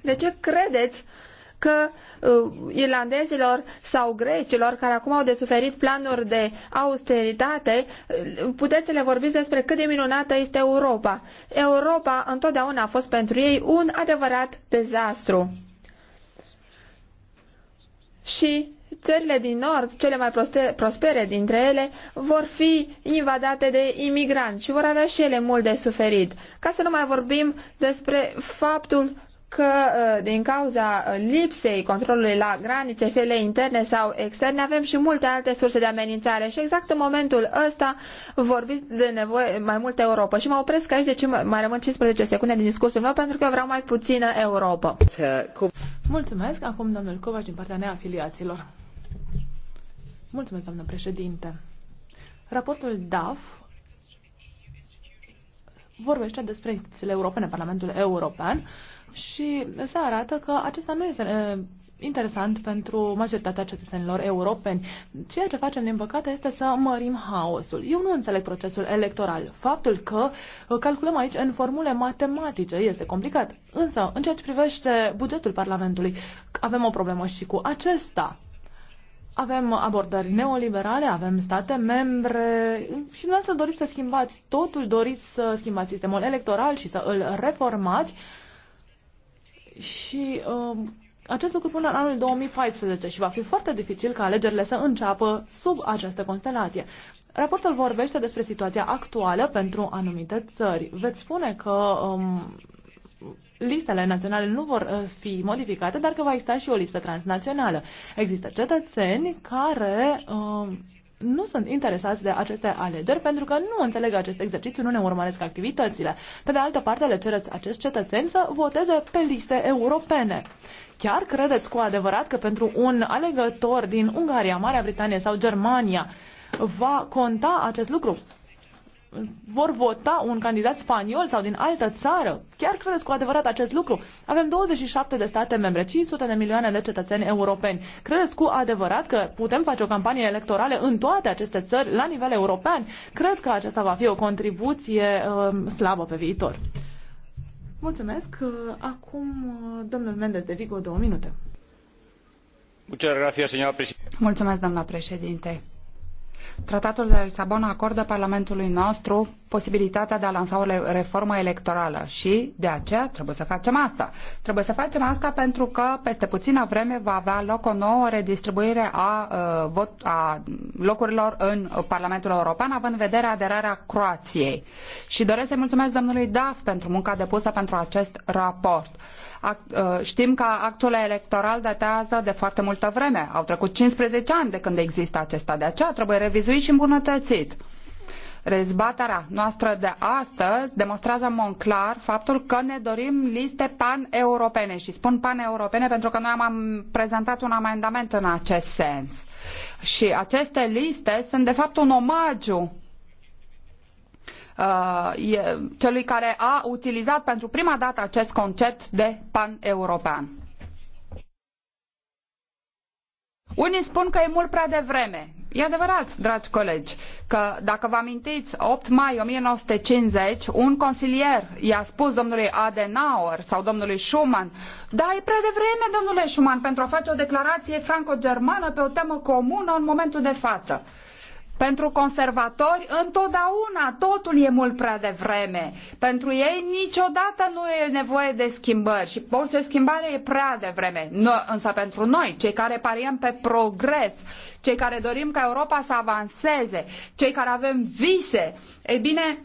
De ce credeți că uh, irlandezilor sau grecilor care acum au de suferit planuri de austeritate, uh, puteți să le vorbiți despre cât de minunată este Europa. Europa întotdeauna a fost pentru ei un adevărat dezastru. Și țările din nord, cele mai proste, prospere dintre ele, vor fi invadate de imigranți și vor avea și ele mult de suferit. Ca să nu mai vorbim despre faptul că uh, din cauza uh, lipsei controlului la granițe, fie ele interne sau externe, avem și multe alte surse de amenințare și exact în momentul ăsta vorbiți de nevoie mai multă Europa. Și mă opresc aici, deci mai rămân 15 secunde din discursul meu pentru că vreau mai puțină Europa. Mulțumesc. Acum domnul Covaș din partea neafiliaților. Mulțumesc, doamnă președinte. Raportul DAF vorbește despre instituțiile europene, Parlamentul European, și se arată că acesta nu este eh, interesant pentru majoritatea cetățenilor europeni. Ceea ce facem, din păcate, este să mărim haosul. Eu nu înțeleg procesul electoral. Faptul că eh, calculăm aici în formule matematice este complicat. Însă, în ceea ce privește bugetul Parlamentului, avem o problemă și cu acesta. Avem abordări neoliberale, avem state membre și dumneavoastră doriți să schimbați totul, doriți să schimbați sistemul electoral și să îl reformați și uh, acest lucru până în anul 2014 și va fi foarte dificil ca alegerile să înceapă sub această constelație. Raportul vorbește despre situația actuală pentru anumite țări. Veți spune că um, listele naționale nu vor uh, fi modificate, dar că va exista și o listă transnațională. Există cetățeni care um, nu sunt interesați de aceste alegeri pentru că nu înțeleg acest exercițiu, nu ne urmăresc activitățile. Pe de altă parte, le cereți acest cetățeni să voteze pe liste europene. Chiar credeți cu adevărat că pentru un alegător din Ungaria, Marea Britanie sau Germania va conta acest lucru? vor vota un candidat spaniol sau din altă țară? Chiar credeți cu adevărat acest lucru? Avem 27 de state membre, 500 de milioane de cetățeni europeni. Credeți cu adevărat că putem face o campanie electorală în toate aceste țări la nivel european? Cred că aceasta va fi o contribuție uh, slabă pe viitor. Mulțumesc. Uh, acum, uh, domnul Mendes de Vigo, două minute. Mulțumesc, doamna președinte Tratatul de Lisabona acordă Parlamentului nostru posibilitatea de a lansa o reformă electorală și de aceea trebuie să facem asta. Trebuie să facem asta pentru că peste puțină vreme va avea loc o nouă redistribuire a, uh, vot, a locurilor în Parlamentul European, având în vedere aderarea Croației. Și doresc să-i mulțumesc domnului Daf pentru munca depusă pentru acest raport. Uh, știm că actul electoral datează de foarte multă vreme. Au trecut 15 ani de când există acesta. De aceea trebuie revizuit și îmbunătățit. Rezbaterea noastră de astăzi demonstrează în mod clar faptul că ne dorim liste pan-europene și spun pan-europene pentru că noi am prezentat un amendament în acest sens. Și aceste liste sunt de fapt un omagiu uh, celui care a utilizat pentru prima dată acest concept de pan-european. Unii spun că e mult prea devreme. E adevărat, dragi colegi, că dacă vă amintiți, 8 mai 1950, un consilier i-a spus domnului Adenauer sau domnului Schuman, da, e prea devreme, domnule Schuman, pentru a face o declarație franco-germană pe o temă comună în momentul de față. Pentru conservatori, întotdeauna totul e mult prea devreme. Pentru ei, niciodată nu e nevoie de schimbări și orice schimbare e prea devreme. No, însă pentru noi, cei care pariem pe progres, cei care dorim ca Europa să avanseze, cei care avem vise, e bine,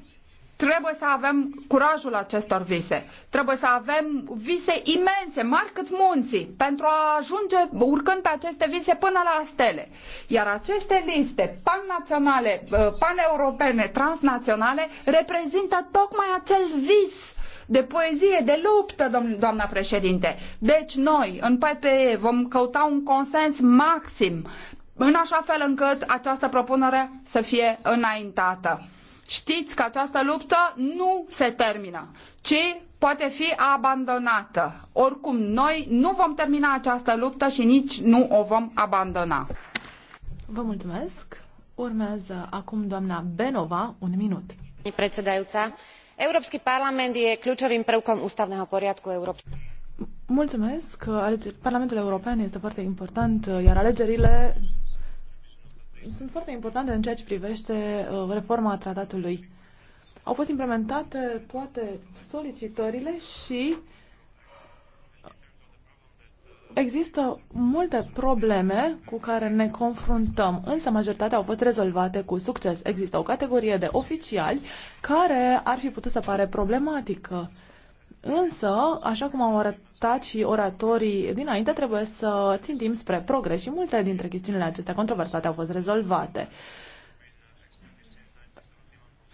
Trebuie să avem curajul acestor vise. Trebuie să avem vise imense, mari cât munții, pentru a ajunge urcând pe aceste vise până la stele. Iar aceste liste pan-naționale, uh, pan-europene, transnaționale, reprezintă tocmai acel vis de poezie, de luptă, doamna președinte. Deci noi, în PPE, vom căuta un consens maxim în așa fel încât această propunere să fie înaintată. Știți că această luptă nu se termină, ci poate fi abandonată. Oricum, noi nu vom termina această luptă și nici nu o vom abandona. Vă mulțumesc. Urmează acum doamna Benova, un minut. Európsky parlament je kľúčovým prvkom ústavného poriadku Európskej Mulțumesc. Parlamentul European este foarte important, iar alegerile sunt foarte importante în ceea ce privește uh, reforma tratatului. Au fost implementate toate solicitările și există multe probleme cu care ne confruntăm, însă majoritatea au fost rezolvate cu succes. Există o categorie de oficiali care ar fi putut să pare problematică Însă, așa cum au arătat și oratorii dinainte, trebuie să țintim spre progres și multe dintre chestiunile acestea controversate au fost rezolvate. Uh,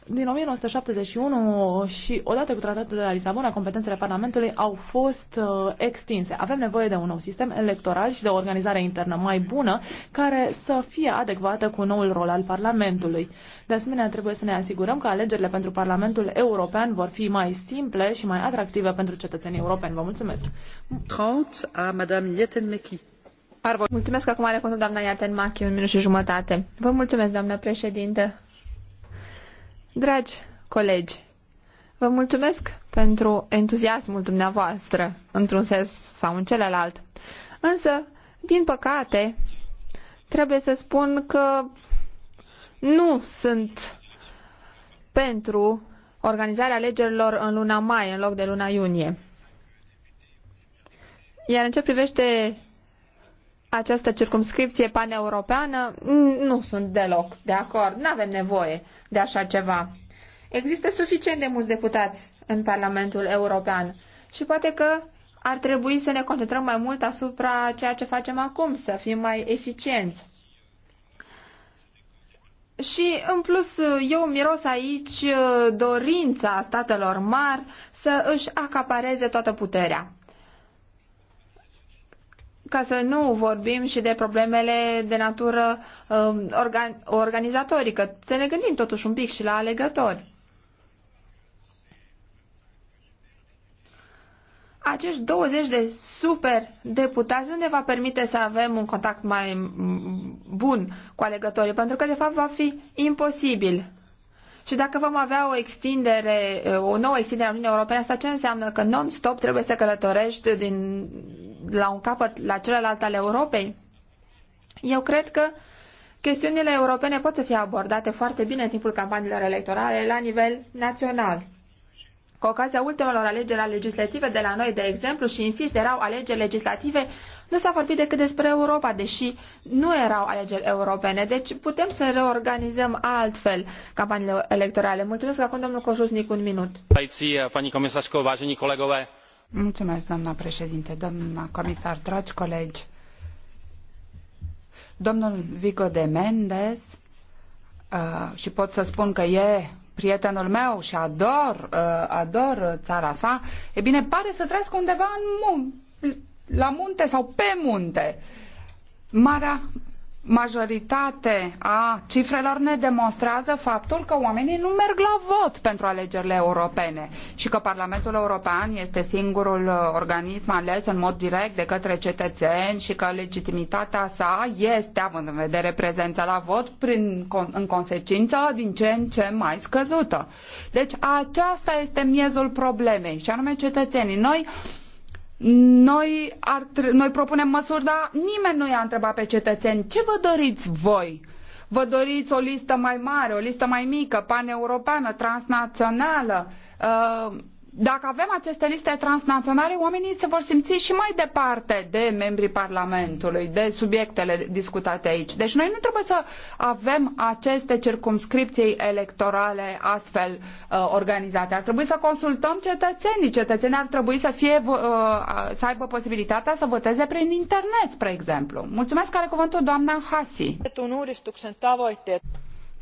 din 1971 și odată cu tratatul de la Lisabona, competențele Parlamentului au fost uh, extinse. Avem nevoie de un nou sistem electoral și de o organizare internă mai bună care să fie adecvată cu noul rol al Parlamentului. De asemenea, trebuie să ne asigurăm că alegerile pentru Parlamentul European vor fi mai simple și mai atractive pentru cetățenii europeni. Vă mulțumesc! A Madame Mulțumesc acum are cuvântul doamna Iaten Machi, un minut și jumătate. Vă mulțumesc, doamna președinte. Dragi colegi, vă mulțumesc pentru entuziasmul dumneavoastră, într-un sens sau în celălalt. Însă, din păcate, trebuie să spun că nu sunt pentru organizarea alegerilor în luna mai în loc de luna iunie. Iar în ce privește această circumscripție paneuropeană, mm, nu sunt deloc de acord, nu avem nevoie de așa ceva. Există suficient de mulți deputați în Parlamentul European și poate că ar trebui să ne concentrăm mai mult asupra ceea ce facem acum, să fim mai eficienți. Și, în plus, eu miros aici uh, dorința statelor mari să își acapareze toată puterea ca să nu vorbim și de problemele de natură um, organ organizatorică. Să ne gândim totuși un pic și la alegători. acești 20 de super deputați nu ne va permite să avem un contact mai bun cu alegătorii, pentru că de fapt va fi imposibil. Și dacă vom avea o extindere, o nouă extindere a Uniunii Europene, asta ce înseamnă? Că non-stop trebuie să călătorești din, la un capăt la celălalt al Europei? Eu cred că chestiunile europene pot să fie abordate foarte bine în timpul campaniilor electorale la nivel național. Cu ocazia ultimelor alegeri legislative de la noi, de exemplu, și insist, erau alegeri legislative, nu s-a vorbit decât despre Europa, deși nu erau alegeri europene. Deci putem să reorganizăm altfel campaniile electorale. Mulțumesc acum, domnul Cojusnic, un minut. Pani comisarsko, vážení kolegové. Mulțumesc, doamna președinte, doamna comisar, dragi colegi. Domnul Vigo de Mendes, uh, și pot să spun că e prietenul meu și ador, uh, ador țara sa, e bine, pare să trăiască undeva în mun- la munte sau pe munte. Marea majoritate a cifrelor ne demonstrează faptul că oamenii nu merg la vot pentru alegerile europene și că Parlamentul European este singurul uh, organism ales în mod direct de către cetățeni și că legitimitatea sa este, având în vedere prezența la vot, prin, în consecință din ce în ce mai scăzută. Deci aceasta este miezul problemei și anume cetățenii. Noi noi, ar, noi propunem măsuri, dar nimeni nu i-a întrebat pe cetățeni ce vă doriți voi. Vă doriți o listă mai mare, o listă mai mică, paneuropeană, transnațională, uh, dacă avem aceste liste transnaționale, oamenii se vor simți și mai departe de membrii Parlamentului, de subiectele discutate aici. Deci noi nu trebuie să avem aceste circumscripții electorale astfel uh, organizate. Ar trebui să consultăm cetățenii. Cetățenii ar trebui să, fie, uh, să aibă posibilitatea să voteze prin internet, spre exemplu. Mulțumesc, care cuvântul doamna Hasi.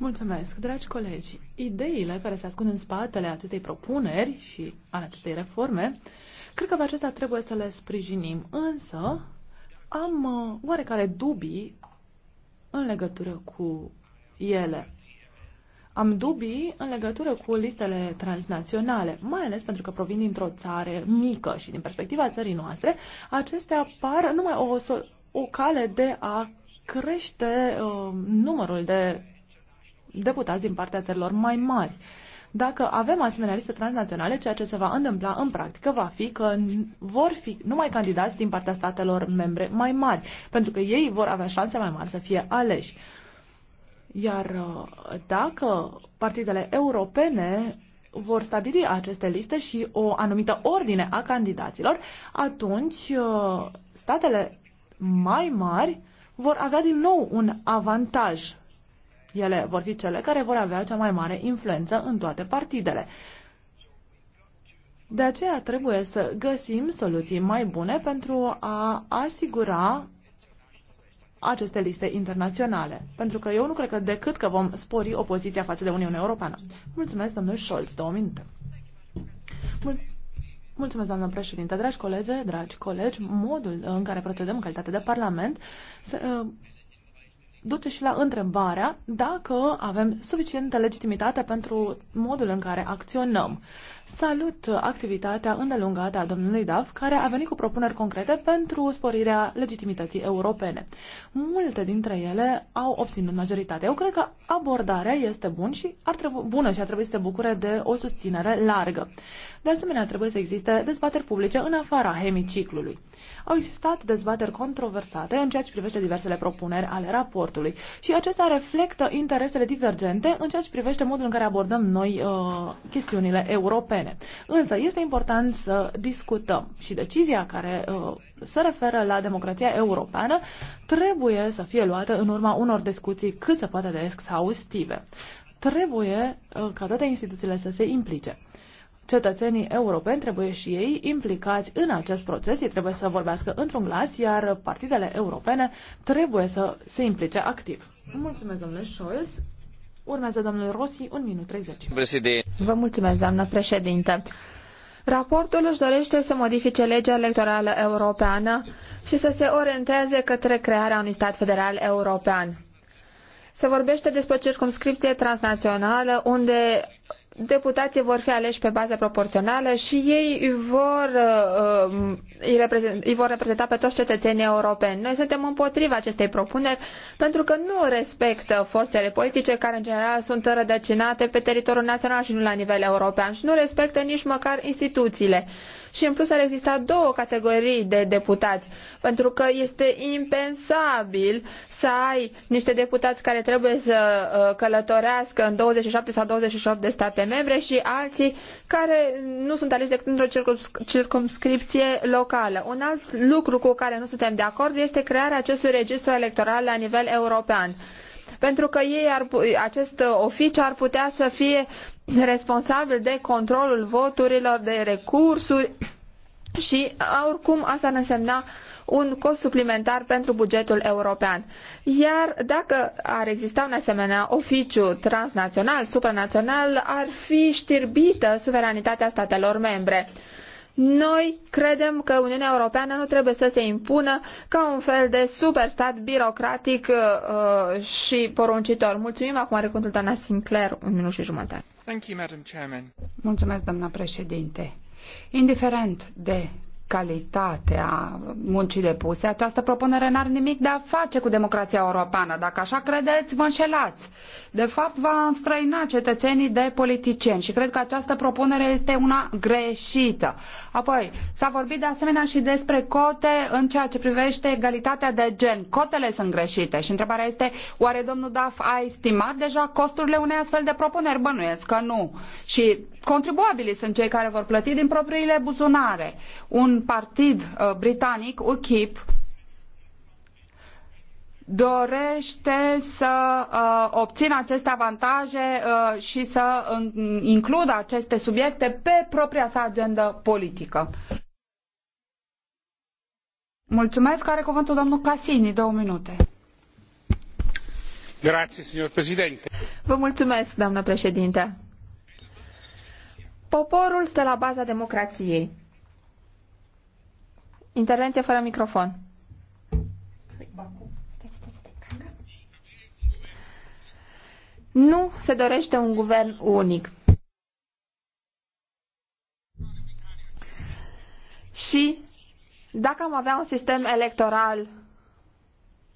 Mulțumesc, dragi colegi. Ideile care se ascund în spatele acestei propuneri și al acestei reforme, cred că pe acestea trebuie să le sprijinim, însă am uh, oarecare dubii în legătură cu ele. Am dubii în legătură cu listele transnaționale, mai ales pentru că provin dintr-o țară mică și din perspectiva țării noastre, acestea par numai o, o cale de a crește uh, numărul de deputați din partea țărilor mai mari. Dacă avem asemenea liste transnaționale, ceea ce se va întâmpla în practică va fi că vor fi numai candidați din partea statelor membre mai mari, pentru că ei vor avea șanse mai mari să fie aleși. Iar uh, dacă partidele europene vor stabili aceste liste și o anumită ordine a candidaților, atunci uh, statele mai mari vor avea din nou un avantaj ele vor fi cele care vor avea cea mai mare influență în toate partidele. De aceea trebuie să găsim soluții mai bune pentru a asigura aceste liste internaționale. Pentru că eu nu cred că decât că vom spori opoziția față de Uniunea Europeană. Mulțumesc, domnul Scholz, două minute. Mul- Mulțumesc, doamnă președinte. Dragi colegi, dragi colegi, modul în care procedăm în calitate de Parlament se, uh, duce și la întrebarea dacă avem suficientă legitimitate pentru modul în care acționăm. Salut activitatea îndelungată a domnului Daf, care a venit cu propuneri concrete pentru sporirea legitimității europene. Multe dintre ele au obținut majoritatea. Eu cred că abordarea este bun și ar trebui, bună și ar trebui să se bucure de o susținere largă. De asemenea, trebuie să existe dezbateri publice în afara hemiciclului. Au existat dezbateri controversate în ceea ce privește diversele propuneri ale raportului raportului și acesta reflectă interesele divergente în ceea ce privește modul în care abordăm noi uh, chestiunile europene. Însă este important să discutăm și decizia care uh, se referă la democrația europeană trebuie să fie luată în urma unor discuții cât se poate de exhaustive. Trebuie uh, ca toate instituțiile să se implice cetățenii europeni trebuie și ei implicați în acest proces, ei trebuie să vorbească într-un glas, iar partidele europene trebuie să se implice activ. Mulțumesc, domnule Scholz. Urmează domnul Rossi, 1 minut 30. Președinte. Vă mulțumesc, doamnă președinte. Raportul își dorește să modifice legea electorală europeană și să se orienteze către crearea unui stat federal european. Se vorbește despre circumscripție transnațională unde deputații vor fi aleși pe bază proporțională și ei vor, uh, îi, reprezent, îi vor reprezenta pe toți cetățenii europeni. Noi suntem împotriva acestei propuneri pentru că nu respectă forțele politice care în general sunt rădăcinate pe teritoriul național și nu la nivel european și nu respectă nici măcar instituțiile. Și în plus ar exista două categorii de deputați, pentru că este impensabil să ai niște deputați care trebuie să uh, călătorească în 27 sau 28 de state membre și alții care nu sunt aleși decât într-o circumscripție locală. Un alt lucru cu care nu suntem de acord este crearea acestui registru electoral la nivel european. Pentru că ei ar, acest oficiu ar putea să fie responsabil de controlul voturilor, de recursuri, și oricum asta ar însemna un cost suplimentar pentru bugetul european. Iar dacă ar exista un asemenea oficiu transnațional, supranațional, ar fi știrbită suveranitatea statelor membre. Noi credem că Uniunea Europeană nu trebuie să se impună ca un fel de superstat birocratic uh, uh și poruncitor. Mulțumim, acum are doamna Sinclair, un minut și jumătate. Mulțumesc, doamna președinte. Indiferent de calitatea muncii depuse, această propunere n-are nimic de a face cu democrația europeană. Dacă așa credeți, vă înșelați. De fapt, va înstrăina cetățenii de politicieni și cred că această propunere este una greșită. Apoi, s-a vorbit de asemenea și despre cote în ceea ce privește egalitatea de gen. Cotele sunt greșite și întrebarea este, oare domnul Daf a estimat deja costurile unei astfel de propuneri? Bănuiesc că nu. Și contribuabilii sunt cei care vor plăti din propriile buzunare. Un partid uh, britanic, UKIP, dorește să uh, obțină aceste avantaje uh, și să includă aceste subiecte pe propria sa agendă politică. Mulțumesc. Are cuvântul domnul Casini, două minute. Grazie, Vă mulțumesc, doamnă președinte. Poporul stă la baza democrației. Intervenție fără microfon. Nu se dorește un guvern unic. Și dacă am avea un sistem electoral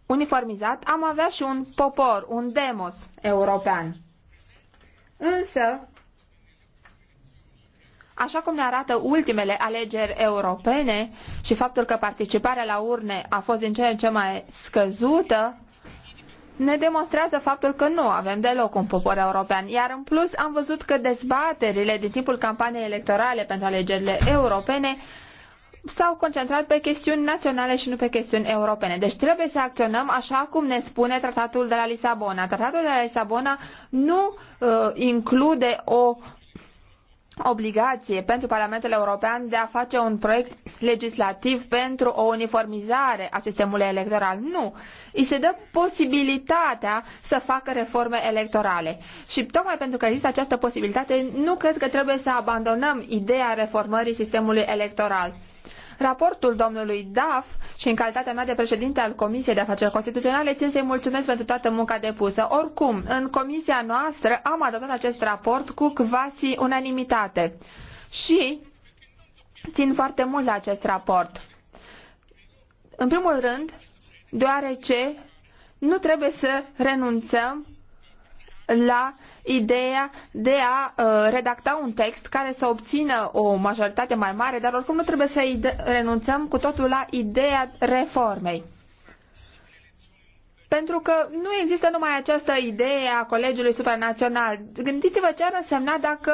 uniformizat, am avea și un popor, un demos european. Însă, Așa cum ne arată ultimele alegeri europene și faptul că participarea la urne a fost din ce în ce mai scăzută, ne demonstrează faptul că nu avem deloc un popor european, iar în plus am văzut că dezbaterile din timpul campaniei electorale pentru alegerile europene s-au concentrat pe chestiuni naționale și nu pe chestiuni europene. Deci trebuie să acționăm așa cum ne spune tratatul de la Lisabona. Tratatul de la Lisabona nu uh, include o obligație pentru Parlamentul European de a face un proiect legislativ pentru o uniformizare a sistemului electoral. Nu! I se dă posibilitatea să facă reforme electorale. Și tocmai pentru că există această posibilitate, nu cred că trebuie să abandonăm ideea reformării sistemului electoral raportul domnului Daf și în calitatea mea de președinte al Comisiei de Afaceri Constituționale țin să-i mulțumesc pentru toată munca depusă. Oricum, în comisia noastră am adoptat acest raport cu quasi unanimitate și țin foarte mult la acest raport. În primul rând, deoarece nu trebuie să renunțăm la ideea de a uh, redacta un text care să obțină o majoritate mai mare, dar oricum nu trebuie să renunțăm cu totul la ideea reformei pentru că nu există numai această idee a Colegiului Supranațional. Gândiți-vă ce ar însemna dacă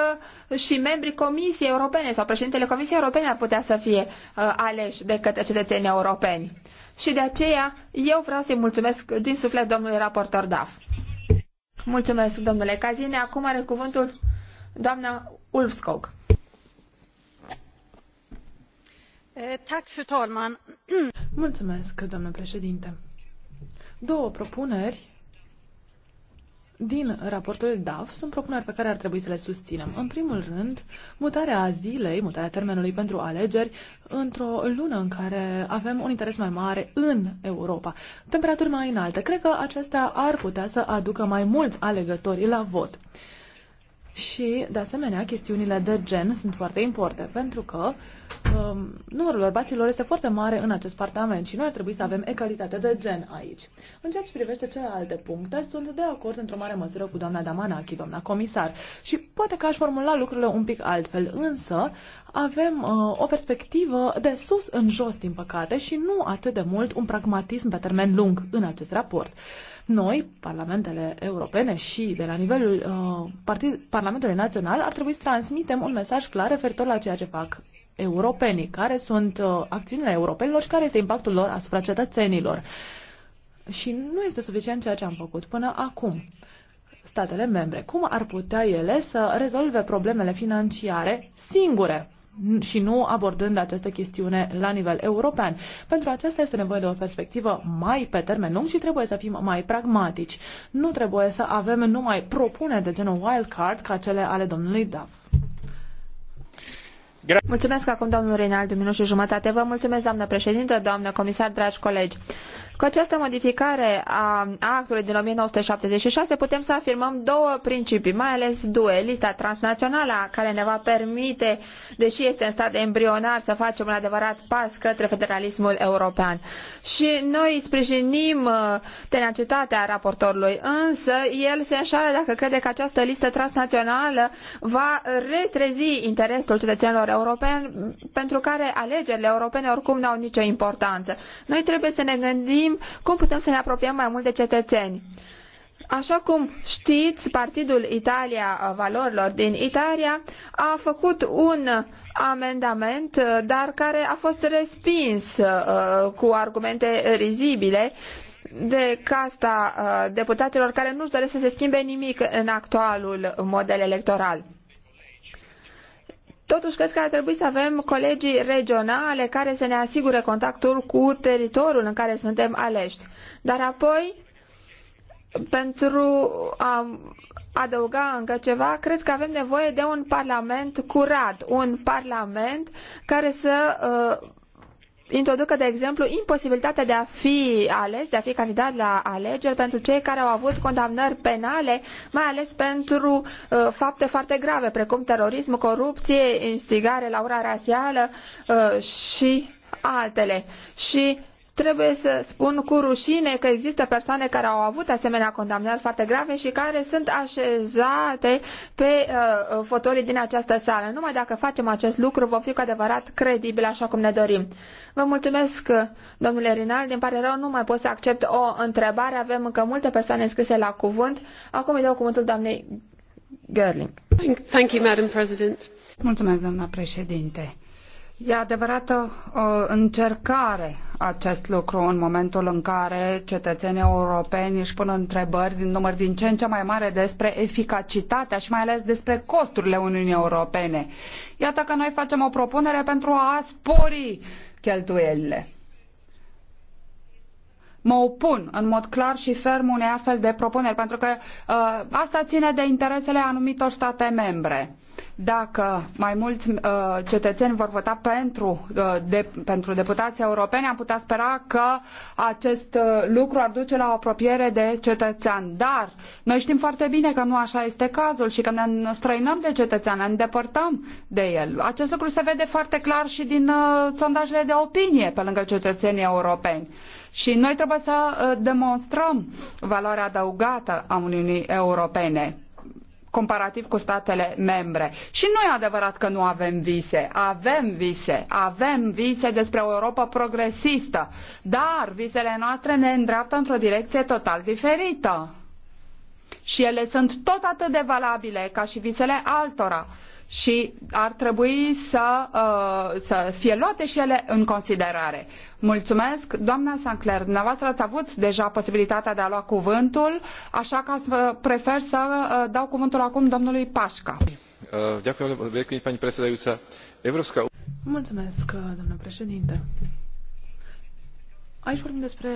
și membrii Comisiei Europene sau președintele Comisiei Europene ar putea să fie uh, aleși de către cetățenii europeni. Și de aceea eu vreau să-i mulțumesc din suflet domnului raportor Daf. Mulțumesc, domnule Cazine. Acum are cuvântul doamna Ulfskog. Eh, Mulțumesc, doamnă președinte. Două propuneri din raportul DAF sunt propuneri pe care ar trebui să le susținem. În primul rând, mutarea zilei, mutarea termenului pentru alegeri într-o lună în care avem un interes mai mare în Europa. Temperaturi mai înalte. Cred că acestea ar putea să aducă mai mulți alegători la vot. Și, de asemenea, chestiunile de gen sunt foarte importante, pentru că um, numărul bărbaților este foarte mare în acest partament și noi ar trebui să avem egalitate de gen aici. În ceea ce privește celelalte puncte, sunt de acord într-o mare măsură cu doamna Damanachi, doamna comisar. Și poate că aș formula lucrurile un pic altfel, însă avem uh, o perspectivă de sus în jos, din păcate, și nu atât de mult un pragmatism pe termen lung în acest raport. Uh, noi, parlamentele europene și de la nivelul uh, partid, Parlamentului Național, ar trebui să transmitem un mesaj clar referitor la ceea ce fac europenii, care sunt uh, acțiunile europenilor și care este impactul lor asupra cetățenilor. Și nu este suficient ceea ce am făcut până acum. Statele membre, cum ar putea ele să rezolve problemele financiare singure? și nu abordând această chestiune la nivel european. Pentru aceasta este nevoie de o perspectivă mai pe termen lung și trebuie să fim mai pragmatici. Nu trebuie să avem numai propuneri de genul wildcard ca cele ale domnului Duff. Mulțumesc acum domnul Reinaldo, minut și jumătate. Vă mulțumesc, doamnă președintă, doamnă comisar, dragi colegi. Cu această modificare a actului din 1976 putem să afirmăm două principii, mai ales Lista transnațională care ne va permite, deși este în stat embrionar, să facem un adevărat pas către federalismul european. Și noi sprijinim uh, tenacitatea raportorului, însă el se înșală dacă crede că această listă transnațională va retrezi interesul cetățenilor europeni pentru care alegerile europene oricum n-au nicio importanță. Noi trebuie să ne gândim gândim cum putem să ne apropiem mai mult de cetățeni. Așa cum știți, Partidul Italia Valorilor din Italia a făcut un amendament, uh, dar care a fost respins uh, cu argumente rizibile de casta uh, deputaților care nu-și doresc să se schimbe nimic în actualul model electoral. Totuși, cred că ar trebui să avem colegii regionale care să ne asigure contactul cu teritoriul în care suntem aleși. Dar apoi, pentru a adăuga încă ceva, cred că avem nevoie de un parlament curat, un parlament care să uh, introducă, de exemplu, imposibilitatea de a fi ales, de a fi candidat la alegeri pentru cei care au avut condamnări penale, mai ales pentru uh, fapte foarte grave, precum terorism, corupție, instigare la ura rasială uh, și altele. Și trebuie să spun cu rușine că există persoane care au avut asemenea condamnări foarte grave și care sunt așezate pe uh, uh fotolii din această sală. Numai dacă facem acest lucru vom fi cu adevărat credibili așa cum ne dorim. Vă mulțumesc, uh, domnule Rinaldi. Îmi pare rău, nu mai pot să accept o întrebare. Avem încă multe persoane înscrise la cuvânt. Acum îi dau cuvântul doamnei Gerling. Thank you, Madam President. Mulțumesc, doamna președinte. E adevărată o uh, încercare acest lucru în momentul în care cetățenii europeni își pun întrebări din număr din ce în ce mai mare despre eficacitatea și mai ales despre costurile Uniunii Europene. Iată că noi facem o propunere pentru a spori cheltuielile. Mă opun în mod clar și ferm unei astfel de propuneri, pentru că uh, asta ține de interesele anumitor state membre. Uh, dacă mai mulți uh, cetățeni vor vota pentru, uh, de, pentru deputații europeni, am putea spera că acest uh, lucru ar duce la o apropiere de cetățean. Dar noi știm foarte bine că nu așa este cazul și că ne străinăm de cetățean, ne îndepărtăm de el. Acest lucru se vede foarte clar și din uh, sondajele de opinie pe lângă cetățenii europeni. Și noi trebuie să uh, demonstrăm valoarea adăugată a Uniunii Europene comparativ cu statele membre. Și nu e adevărat că nu avem vise. Avem vise. Avem vise despre o Europa progresistă. Dar visele noastre ne îndreaptă într-o direcție total diferită. Și ele sunt tot atât de valabile ca și visele altora și ar trebui să, uh, să fie luate și ele în considerare. Mulțumesc, doamna Sancler. Dumneavoastră ați avut deja posibilitatea de a lua cuvântul, așa că să prefer să uh, dau cuvântul acum domnului Pașca. Uh, Mulțumesc, doamnă președinte. Aici vorbim despre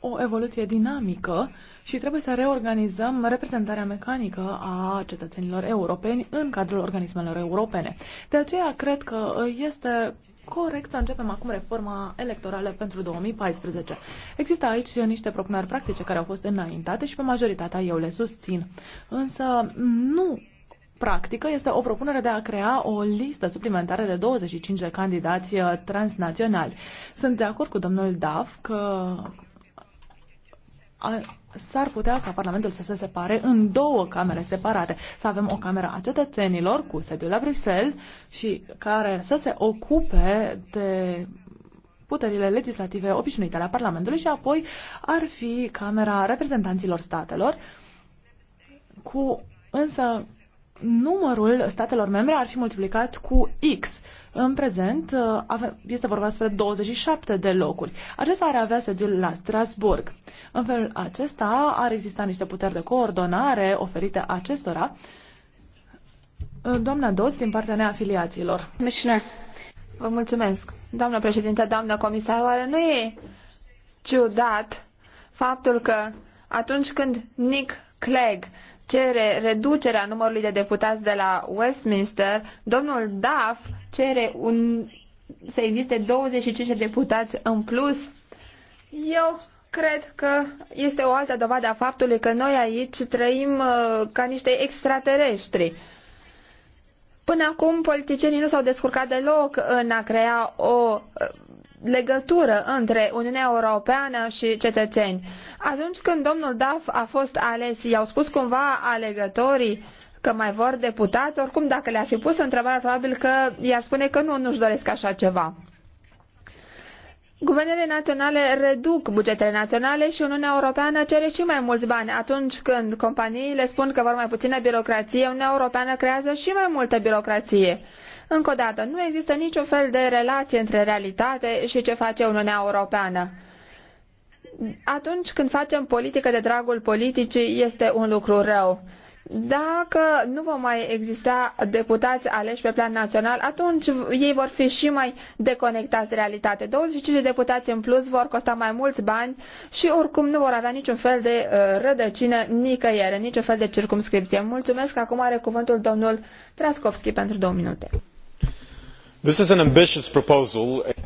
o evoluție dinamică și trebuie să reorganizăm reprezentarea mecanică a cetățenilor europeni în cadrul organismelor europene. De aceea cred că este corect să începem acum reforma electorală pentru 2014. Există aici niște propuneri practice care au fost înaintate și pe majoritatea eu le susțin. Însă nu practică este o propunere de a crea o listă suplimentară de 25 de candidați eh, transnaționali. Sunt de acord cu domnul Daf că s-ar putea ca Parlamentul să se separe în două camere separate. Să avem o cameră a cetățenilor cu sediul la Bruxelles și care să se ocupe de puterile legislative obișnuite ale Parlamentului și apoi ar fi Camera Reprezentanților Statelor cu însă numărul statelor membre ar fi multiplicat cu X în prezent uh, este vorba despre 27 de locuri. Acesta are avea sediul la Strasburg. În felul acesta ar exista niște puteri de coordonare oferite acestora. Uh, doamna Dos, din partea neafiliaților. Commissioner. Vă mulțumesc. Doamna președinte, doamna comisar, oare nu e ciudat faptul că atunci când Nick Clegg cere reducerea numărului de deputați de la Westminster, domnul Duff cere un, să existe 25 deputați în plus, eu cred că este o altă dovadă a faptului că noi aici trăim uh, ca niște extraterestri. Până acum, politicienii nu s-au descurcat deloc în a crea o uh, legătură între Uniunea Europeană și cetățeni. Atunci când domnul Duff a fost ales, i-au spus cumva alegătorii că mai vor deputați, oricum dacă le-ar fi pus întrebarea, probabil că i-ar spune că nu, nu-și doresc așa ceva. Guvernele naționale reduc bugetele naționale și Uniunea Europeană cere și mai mulți bani. Atunci când companiile spun că vor mai puțină birocrație, Uniunea Europeană creează și mai multă birocrație. Încă o dată, nu există niciun fel de relație între realitate și ce face Uniunea Europeană. Atunci când facem politică de dragul politicii, este un lucru rău. Dacă nu vor mai exista deputați aleși pe plan național, atunci ei vor fi și mai deconectați de realitate. 25 de deputați în plus vor costa mai mulți bani și oricum nu vor avea niciun fel de uh, rădăcină nicăieri, niciun fel de circumscripție. Mulțumesc. Acum are cuvântul domnul Traskovski pentru două minute.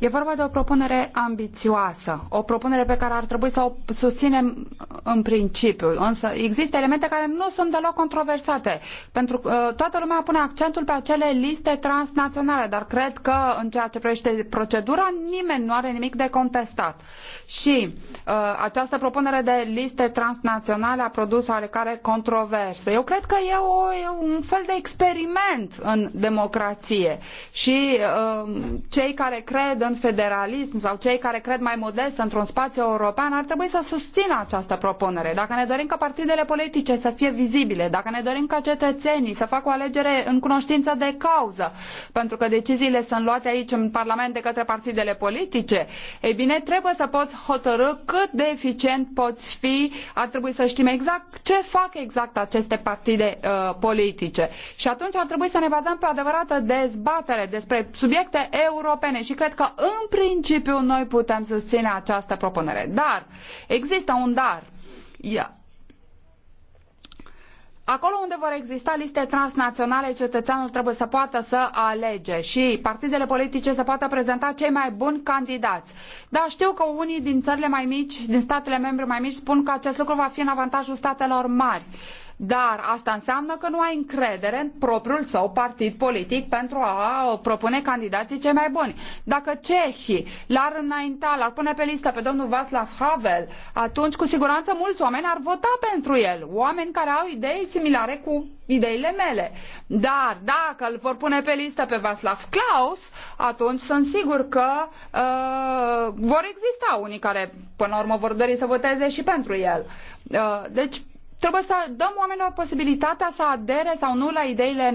E vorba de o propunere ambițioasă, o propunere pe care ar trebui să o susținem în principiu, însă există elemente care nu sunt deloc controversate, pentru că uh, toată lumea pune accentul pe acele liste transnaționale, dar cred că în ceea ce privește procedura nimeni nu are nimic de contestat. Și uh, această propunere de liste transnaționale a produs oarecare controversă. Eu cred că e, o, e un fel de experiment în democrație și Um, cei care cred în federalism sau cei care cred mai modest într-un spațiu european ar trebui să susțină această propunere. Dacă ne dorim ca partidele politice să fie vizibile, dacă ne dorim ca cetățenii să facă o alegere în cunoștință de cauză, pentru că deciziile sunt luate aici în Parlament de către partidele politice, ei bine, trebuie să poți hotărâ cât de eficient poți fi, ar trebui să știm exact ce fac exact aceste partide uh, politice. Și atunci ar trebui să ne bazăm pe o adevărată dezbatere despre subiecte europene și cred că în principiu noi putem susține această propunere. Dar există un dar. Yeah. Acolo unde vor exista liste transnaționale, cetățeanul trebuie să poată să alege și partidele politice să poată prezenta cei mai buni candidați. Dar știu că unii din țările mai mici, din statele membre mai mici, spun că acest lucru va fi în avantajul statelor mari. Dar asta înseamnă că nu ai încredere în propriul său partid politic pentru a propune candidații cei mai buni. Dacă cehii l-ar înainta, l-ar pune pe listă pe domnul Václav Havel, atunci cu siguranță mulți oameni ar vota pentru el. Oameni care au idei similare cu ideile mele. Dar dacă îl vor pune pe listă pe Václav Klaus, atunci sunt sigur că uh, vor exista unii care până la urmă vor dori să voteze și pentru el. Uh, deci trebuie să dăm oamenilor posibilitatea să adere sau nu la ideile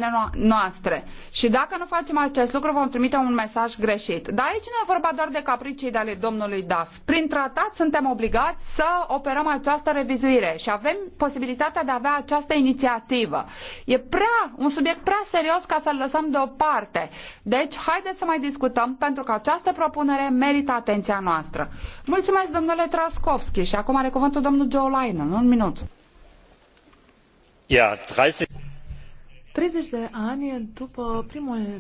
noastre. Și dacă nu facem acest lucru, vom trimite un mesaj greșit. Dar aici nu e vorba doar de capricii de ale domnului Daf. Prin tratat suntem obligați să operăm această revizuire și avem posibilitatea de a avea această inițiativă. E prea, un subiect prea serios ca să-l lăsăm deoparte. Deci, haideți să mai discutăm, pentru că această propunere merită atenția noastră. Mulțumesc, domnule Traskovski. Și acum are cuvântul domnul Joe Linen. Un minut treizeci 30... 30 de ani după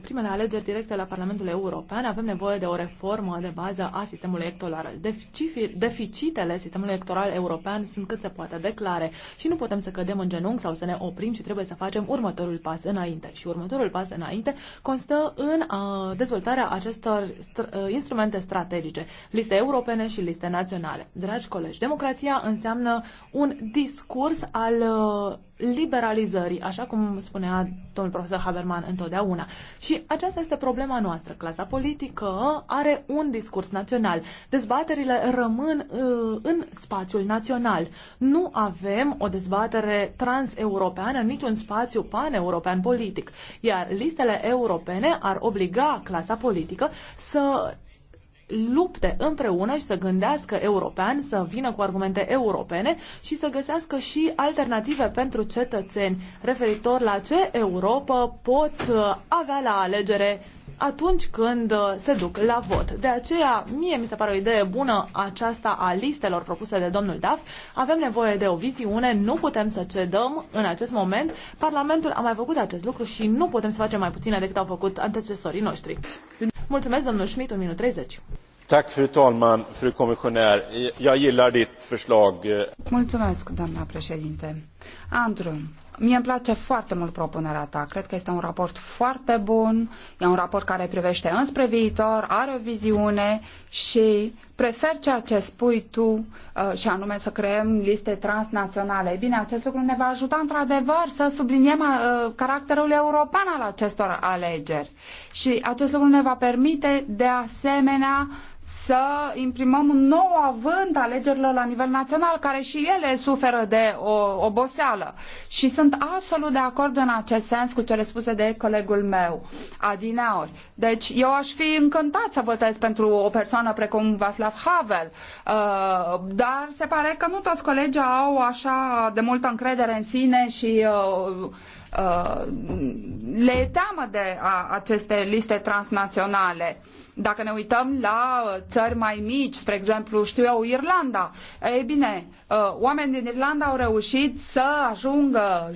primele alegeri directe la Parlamentul European avem nevoie de o reformă de bază a sistemului electoral. Deficitele sistemului electoral european sunt cât se poate declare și nu putem să cădem în genunchi sau să ne oprim și trebuie să facem următorul pas înainte. Și următorul pas înainte constă în uh, dezvoltarea acestor uh, instrumente strategice, liste europene și liste naționale. Dragi colegi, democrația înseamnă un discurs al uh, liberalizării, așa cum spunea domnul profesor Haberman întotdeauna. Și aceasta este problema noastră. Clasa politică are un discurs național. Dezbaterile rămân uh, în spațiul național. Nu avem o dezbatere transeuropeană, niciun spațiu paneuropean politic. Iar listele europene ar obliga clasa politică să lupte împreună și să gândească european, să vină cu argumente europene și să găsească și alternative pentru cetățeni referitor la ce Europa pot uh, avea la alegere atunci când uh, se duc la vot. De aceea, mie mi se pare o idee bună aceasta a listelor propuse de domnul Daf. Avem nevoie de o viziune, nu putem să cedăm în acest moment. Parlamentul a mai făcut acest lucru și nu putem să facem mai puține decât au făcut antecesorii noștri. Mulțumesc, domnul Schmidt, un minut 30. Tak, fru talman, fru kommissionär. Jag gillar ditt förslag. Mulțumesc, doamna președinte. Andrew, mie îmi place foarte mult propunerea ta. Cred că este un raport foarte bun, e un raport care privește înspre viitor, are o viziune și prefer ceea ce spui tu uh, și anume să creăm liste transnaționale. bine, acest lucru ne va ajuta într-adevăr să subliniem uh, caracterul european al acestor alegeri și acest lucru ne va permite de asemenea să imprimăm un nou avânt alegerilor la nivel național, care și ele suferă de o oboseală. Și sunt absolut de acord în acest sens cu cele spuse de colegul meu, Adineori. Deci eu aș fi încântat să votez pentru o persoană precum Václav Havel, uh, dar se pare că nu toți colegii au așa de multă încredere în sine și uh, Uh, le e teamă de aceste liste transnaționale. Dacă ne uităm la uh, țări mai mici, spre exemplu, știu eu, Irlanda, ei bine, uh, oamenii din Irlanda au reușit să ajungă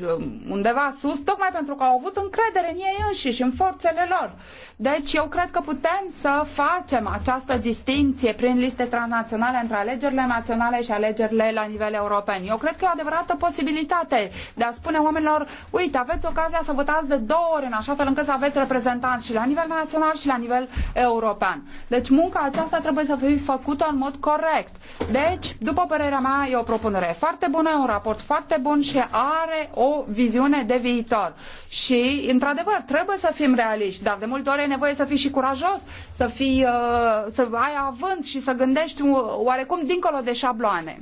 undeva sus, tocmai pentru că au avut încredere în ei înșiși, în forțele lor. Deci eu cred că putem să facem această distinție prin liste transnaționale între alegerile naționale și alegerile la nivel european. Eu cred că e o adevărată posibilitate de a spune oamenilor, uite, avem aveți ocazia să votați de două ori în așa fel încât să aveți reprezentanți și la nivel național și la nivel european. Deci munca aceasta trebuie să fie făcută în mod corect. Deci, după părerea mea, e o propunere foarte bună, un raport foarte bun și are o viziune de viitor. Și, într-adevăr, trebuie să fim realiști, dar de multe ori e nevoie să fii și curajos, să, fii, uh, să ai avânt și să gândești uh, oarecum dincolo de șabloane.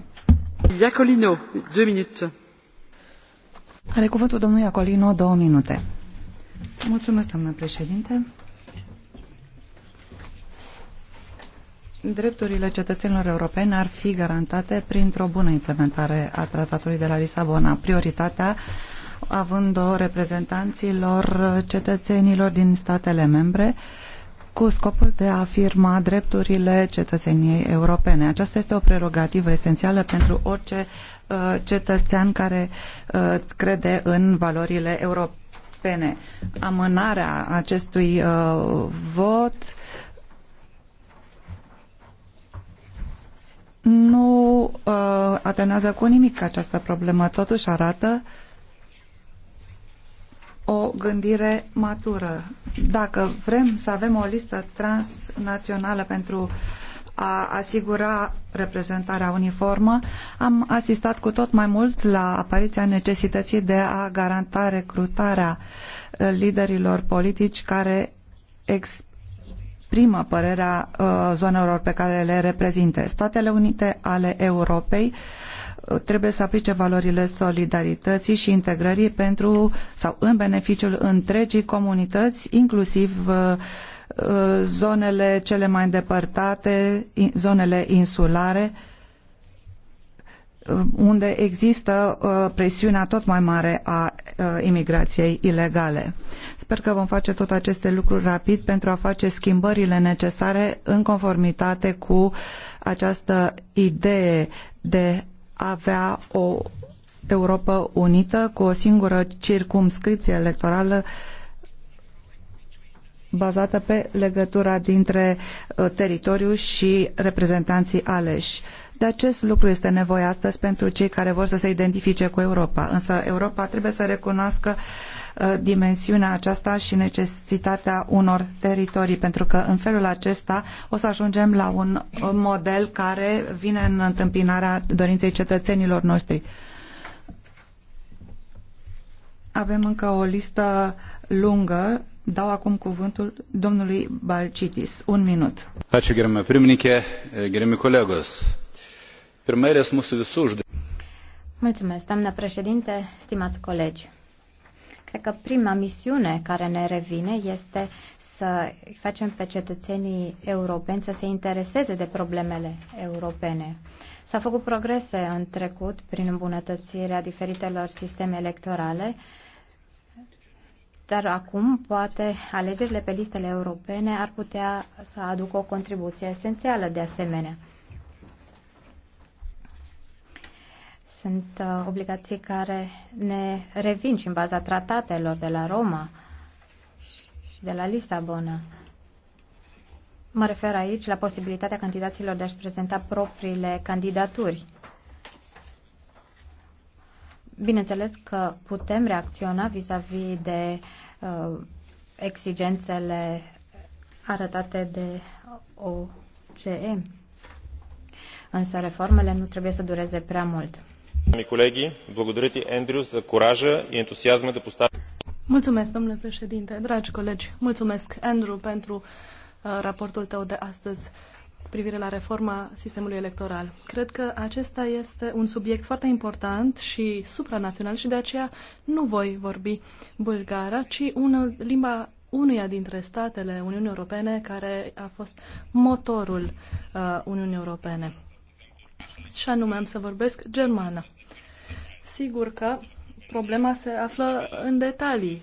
Iacolino, două minute. Are cuvântul domnul Iacolino, două minute. Mulțumesc, doamnă președinte. Drepturile cetățenilor europeni ar fi garantate printr-o bună implementare a tratatului de la Lisabona. Prioritatea având-o reprezentanților cetățenilor din statele membre, uh, cu scopul de a afirma drepturile cetățeniei europene. Aceasta este o prerogativă esențială pentru orice uh, cetățean care uh, crede în valorile europene. Amânarea acestui uh, vot nu uh, atenuează cu nimic această problemă, totuși arată uh, o gândire matură. Dacă vrem să avem o listă transnațională pentru a asigura reprezentarea uniformă, am asistat cu tot mai mult la apariția necesității de a garanta recrutarea eh, liderilor politici care exprimă părerea eh, zonelor pe care le reprezinte. Statele Unite ale Europei uh, trebuie să aplice valorile solidarității și integrării pentru sau în beneficiul întregii comunități, inclusiv uh, uh, zonele cele mai îndepărtate, zonele insulare, uh, unde există presiunea tot mai mare a imigrației ilegale. Sper că vom face tot aceste lucruri rapid pentru a face schimbările necesare în conformitate cu această idee de avea o Europa unită cu o singură circumscripție electorală bazată pe legătura dintre uh, teritoriu și reprezentanții aleși. De acest lucru este nevoie astăzi pentru cei care vor să se identifice cu Europa. Însă Europa trebuie să recunoască uh, dimensiunea aceasta și necesitatea unor teritorii, pentru că în felul acesta o să ajungem la un model care vine în întâmpinarea dorinței cetățenilor noștri. Avem încă o listă lungă. Dau acum cuvântul domnului Balcitis. Un minut. Ačiū, gerime pirmininkė, gerimi kolegos. Pirmėlės mūsų visų uždavinys. președinte, colegi. Cred că prima misiune care ne revine este să facem pe cetățenii europeni să se intereseze de problemele europene. S-au făcut progrese în trecut prin îmbunătățirea diferitelor sisteme electorale, dar acum poate alegerile pe listele europene ar putea să aducă o contribuție esențială de asemenea. Sunt uh, obligații care ne revin și în baza tratatelor de la Roma și de la Lisabona. Mă refer aici la posibilitatea candidaților de a-și prezenta propriile candidaturi. Bineînțeles că putem reacționa vis-a-vis -vis de uh, exigențele arătate de OCE, însă reformele nu trebuie să dureze prea mult. Колеги, за куража и ентусиазма да постави... Mulțumesc, domnule președinte, dragi colegi, mulțumesc, Andrew, pentru uh, raportul tău de astăzi cu privire la reforma sistemului electoral. Cred că acesta este un subiect foarte important și supranațional și de aceea nu voi vorbi bulgara, ci una, limba unuia dintre statele Uniunii Europene care a fost motorul uh, Uniunii Europene. Și anume am să vorbesc germană. Sigur că problema se află în detalii.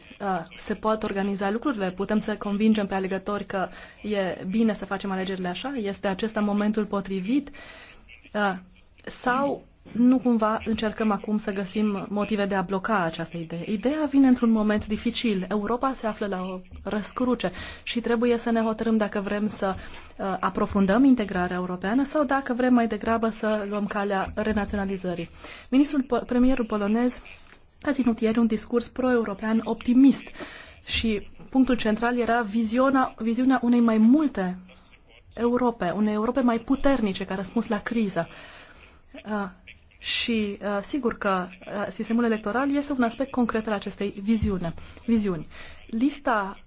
Se pot organiza lucrurile, putem să convingem pe alegători că e bine să facem alegerile așa, este acesta momentul potrivit sau nu cumva încercăm acum să găsim motive de a bloca această idee. Ideea vine într-un moment dificil. Europa se află la o răscruce și trebuie să ne hotărâm dacă vrem să uh, aprofundăm integrarea europeană sau dacă vrem mai degrabă să luăm calea renaționalizării. Ministrul, premierul polonez a ținut ieri un discurs pro-european optimist și punctul central era viziona, viziunea unei mai multe Europe, unei Europe mai puternice ca răspuns la criză. Uh, și uh, sigur că uh, sistemul electoral este un aspect concret al acestei viziune, viziuni. Lista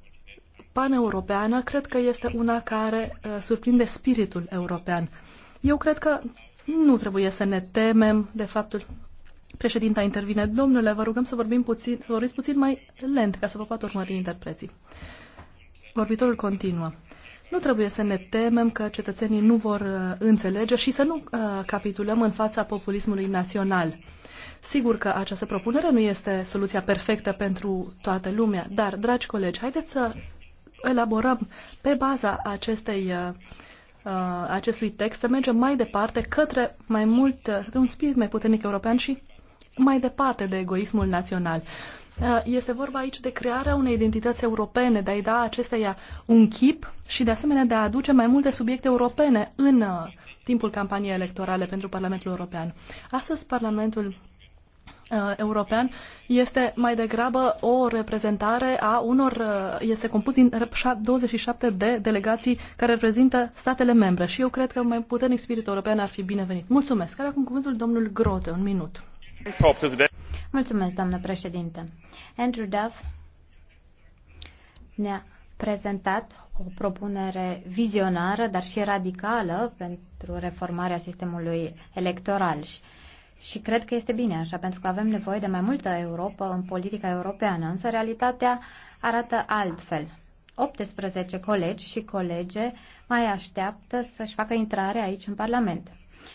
paneuropeană cred că este una care uh, surprinde spiritul european. Eu cred că nu trebuie să ne temem de faptul Președinta intervine. Domnule, vă rugăm să, vorbim puțin, să vorbiți puțin mai lent ca să vă poată urmări interpreții. Vorbitorul continuă. Nu trebuie să ne temem că cetățenii nu vor uh, înțelege și să nu uh, capitulăm în fața populismului național. Sigur că această propunere nu este soluția perfectă pentru toată lumea, dar, dragi colegi, haideți să elaborăm pe baza acestei, uh, acestui text, să mergem mai departe către mai mult, către un spirit mai puternic european și mai departe de egoismul național. Eh, este vorba aici de crearea unei identități europene, de a-i da acesteia un chip și de asemenea de a aduce mai multe subiecte europene în eh, timpul campaniei electorale pentru Parlamentul European. Astăzi Parlamentul eh, european este mai degrabă o reprezentare a unor, este compus din 27 de delegații care reprezintă statele membre și eu cred că mai puternic spirit european ar fi binevenit. Mulțumesc. Care acum cuvântul domnul Grote, un minut. Mulțumesc, doamnă președinte. Andrew Duff ne-a prezentat o propunere vizionară, dar și radicală pentru reformarea sistemului electoral. Și cred că este bine așa, pentru că avem nevoie de mai multă Europa în politica europeană, însă realitatea arată altfel. 18 colegi și colege mai așteaptă să-și facă intrare aici în Parlament.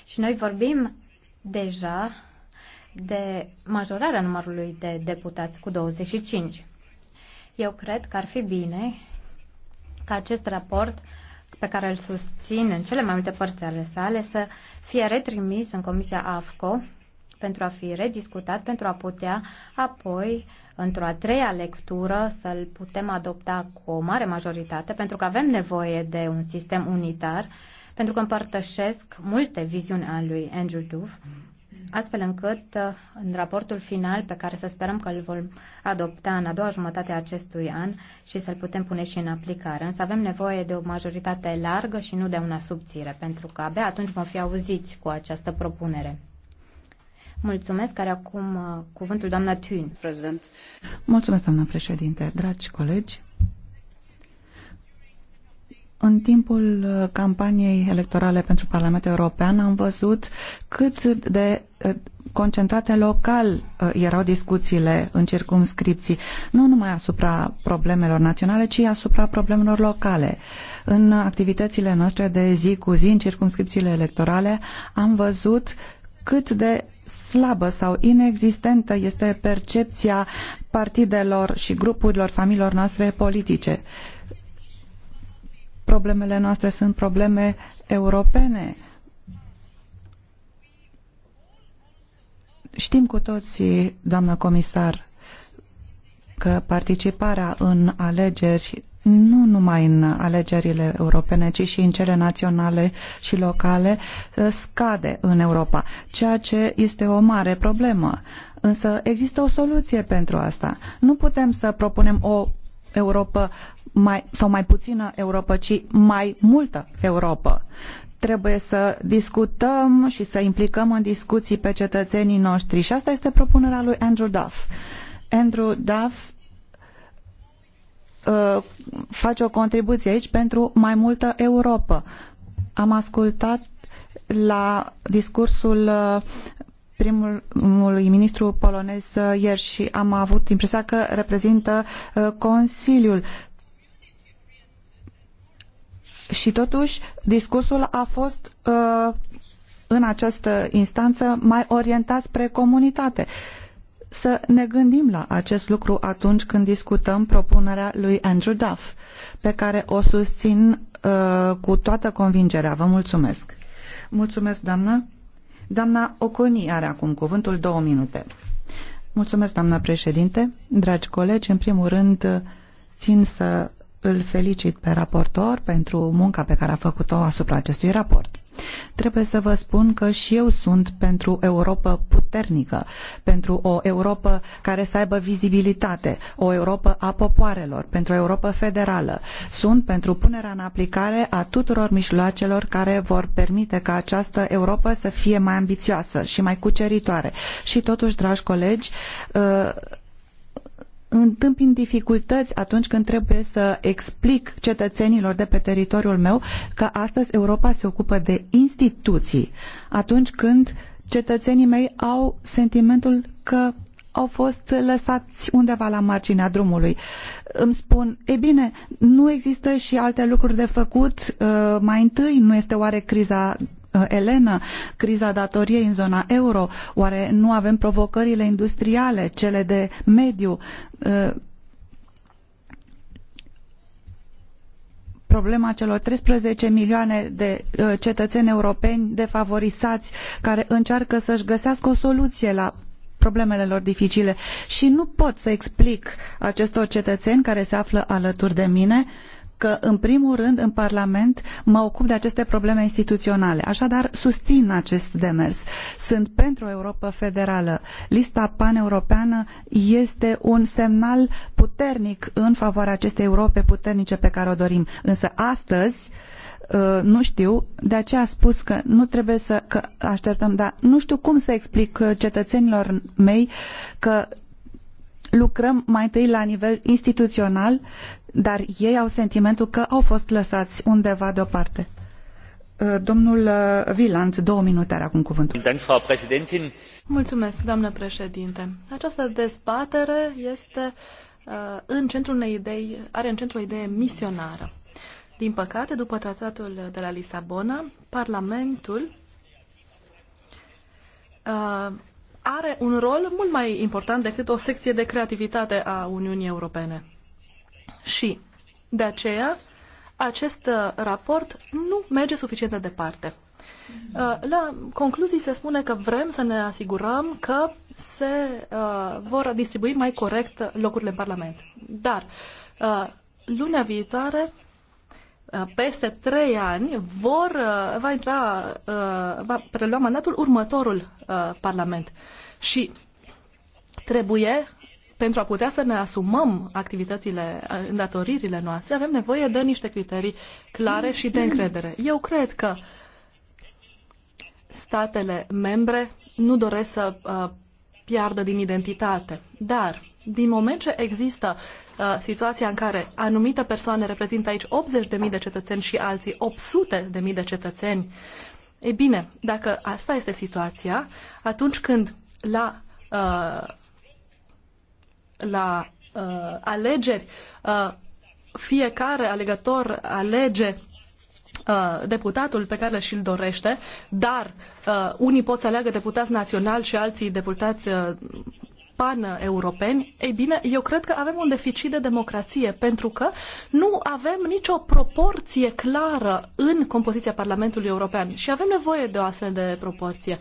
Și noi vorbim deja de majorarea numărului de deputați cu 25. Eu cred că ar fi bine ca acest raport pe care îl susțin în cele mai multe părți ale sale să fie retrimis în Comisia AFCO pentru a fi rediscutat, pentru a putea apoi, într-o a treia lectură, să-l putem adopta cu o mare majoritate, pentru că avem nevoie de un sistem unitar, pentru că împărtășesc multe viziuni ale lui Andrew Duff astfel încât uh, în raportul final, pe care să sperăm că îl vom adopta în a doua jumătate a acestui an și să-l putem pune și în aplicare. Însă avem nevoie de o majoritate largă și nu de una subțire, pentru că abia atunci vom fi auziți cu această propunere. Mulțumesc, care acum uh, cuvântul doamna Thun. Mulțumesc, doamna președinte. Dragi colegi, în timpul uh, campaniei electorale pentru Parlamentul European am văzut cât de uh, concentrate local uh, erau discuțiile în circumscripții, nu numai asupra problemelor naționale, ci asupra problemelor locale. În activitățile noastre de zi cu zi în circumscripțiile electorale am văzut cât de slabă sau inexistentă este percepția partidelor și grupurilor familiilor noastre politice Problemele noastre sunt probleme europene. Știm cu toții, doamnă comisar, că participarea în alegeri nu numai în alegerile europene, ci și în cele naționale și locale, ă, scade în Europa, ceea ce este o mare problemă. Însă există o soluție pentru asta. Nu putem să propunem o Europă mai, sau mai puțină Europă, ci mai multă Europă. Trebuie să discutăm și să implicăm în discuții pe cetățenii noștri. Și asta este propunerea lui Andrew Duff. Andrew Duff uh, face o contribuție aici pentru mai multă Europa. Am ascultat la discursul uh, primului ministru polonez uh, ieri și am avut impresia că reprezintă uh, Consiliul. Și totuși, discursul a fost uh, în această instanță mai orientat spre comunitate. Să ne gândim la acest lucru atunci când discutăm propunerea lui Andrew Duff, pe care o susțin cu toată convingerea. Vă mulțumesc. Mulțumesc, doamnă. Doamna Oconi are acum cuvântul două minute. Mulțumesc, doamna președinte. Dragi colegi, în primul rând țin să îl felicit pe raportor pentru munca pe care a făcut-o asupra acestui raport. Trebuie să vă spun că și eu sunt pentru Europa puternică, pentru o Europa care să aibă vizibilitate, o Europa a popoarelor, pentru o Europa federală. Sunt pentru punerea în aplicare a tuturor mijloacelor care vor permite ca această Europa să fie mai ambițioasă și mai cuceritoare. Și totuși, dragi colegi, uh, întâmpin dificultăți atunci când trebuie să explic cetățenilor de pe teritoriul meu că astăzi Europa se ocupă de instituții, atunci când cetățenii mei au sentimentul că au fost lăsați undeva la marginea drumului. Îmi spun, e bine, nu există și alte lucruri de făcut, uh, mai întâi nu este oare criza Eh, Elena, criza datoriei în zona euro, oare nu avem provocările industriale, cele de mediu? Eh, problema celor 13 milioane de eh, cetățeni europeni defavorizați care încearcă să-și găsească o soluție la problemele lor dificile și nu pot să explic acestor cetățeni care se află alături de mine uh, că, în primul rând, în Parlament mă ocup de aceste probleme instituționale. Așadar, susțin acest demers. Sunt pentru Europa federală. Lista paneuropeană este un semnal puternic în favoarea acestei Europe puternice pe care o dorim. Însă, astăzi, ă, nu știu, de aceea a spus că nu trebuie să că așteptăm, dar nu știu cum să explic cetățenilor mei că lucrăm mai întâi la nivel instituțional, dar ei au sentimentul că au fost lăsați undeva deoparte. Uh, domnul Viland, uh, două minute are acum cuvântul. Mulțumesc, doamnă președinte. Această dezbatere este uh, în centrul unei idei, are în centru o idee misionară. Din păcate, după tratatul de la Lisabona, Parlamentul are un rol mult mai important decât o secție de creativitate a Uniunii Europene. Și de aceea acest uh, raport nu merge suficient de departe. Uh, la concluzii se spune că vrem să ne asigurăm că se uh, vor distribui mai corect locurile în Parlament. Dar lunea viitoare Uh, peste trei ani vor, uh, va intra, uh, va prelua mandatul următorul Parlament. Și trebuie, pentru a putea să ne asumăm activitățile, îndatoririle noastre, avem nevoie de niște criterii clare și de încredere. Eu cred că statele membre nu doresc să piardă din identitate, dar din moment ce există Uh, situația în care anumite persoane reprezintă aici 80.000 de cetățeni și alții 800.000 de cetățeni, e bine, dacă asta este situația, atunci când la, uh, la uh, alegeri uh, fiecare alegător alege uh, deputatul pe care și-l dorește, dar uh, unii pot să aleagă deputați naționali și alții deputați uh, pan-europeni, ei bine, eu cred că avem un deficit de democrație, pentru că nu avem nicio proporție clară în compoziția Parlamentului European și avem nevoie de o astfel de proporție.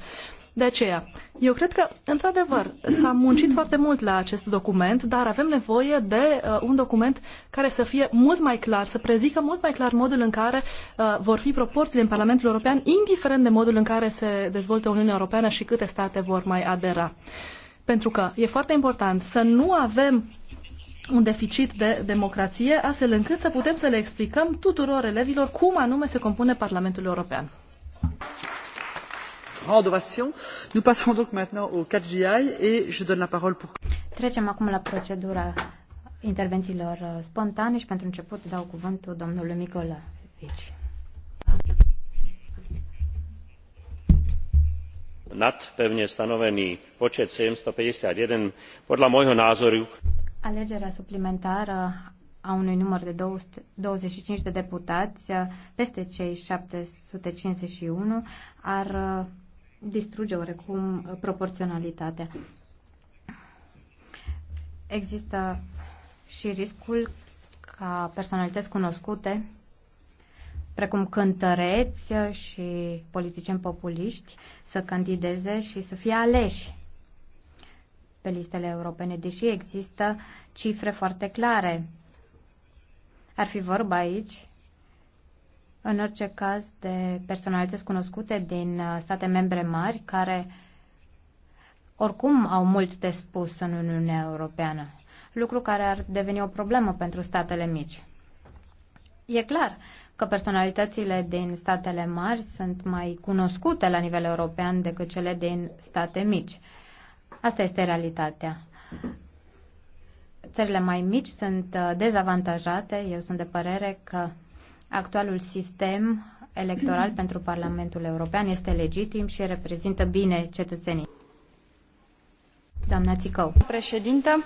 De aceea, eu cred că, într-adevăr, s-a muncit foarte mult la acest document, dar avem nevoie de uh, un document care să fie mult mai clar, să prezică mult mai clar modul în care uh, vor fi proporțiile în Parlamentul European, indiferent de modul în care se dezvoltă Uniunea Europeană și câte state vor mai adera. Pentru că e foarte important să nu avem un deficit de democrație, astfel încât să putem să le explicăm tuturor elevilor cum anume se compune Parlamentul European. 4 la Trecem acum la procedura intervențiilor uh, spontane și pentru început dau cuvântul domnului Micolaevici. nad pevne stanovený počet seven hundred and fifty one podľa môjho názoru Alegerea suplimentară a unui număr de 25 de deputați peste cei 751 ar uh, distruge oarecum uh, proporționalitatea. Există și riscul ca personalități cunoscute precum cântăreți și politicieni populiști, să candideze și să fie aleși pe listele europene, deși există cifre foarte clare. Ar fi vorba aici, în orice caz, de personalități cunoscute din uh, state membre mari care oricum au mult de spus în Uniunea Europeană, lucru care ar deveni o problemă pentru statele mici. E clar că personalitățile din statele mari sunt mai cunoscute la nivel european decât cele din state mici. Asta este realitatea. Țările mai mici sunt uh, dezavantajate. Eu sunt de părere că actualul sistem electoral pentru Parlamentul European este legitim și reprezintă bine cetățenii. Doamna Țicău. Președintă,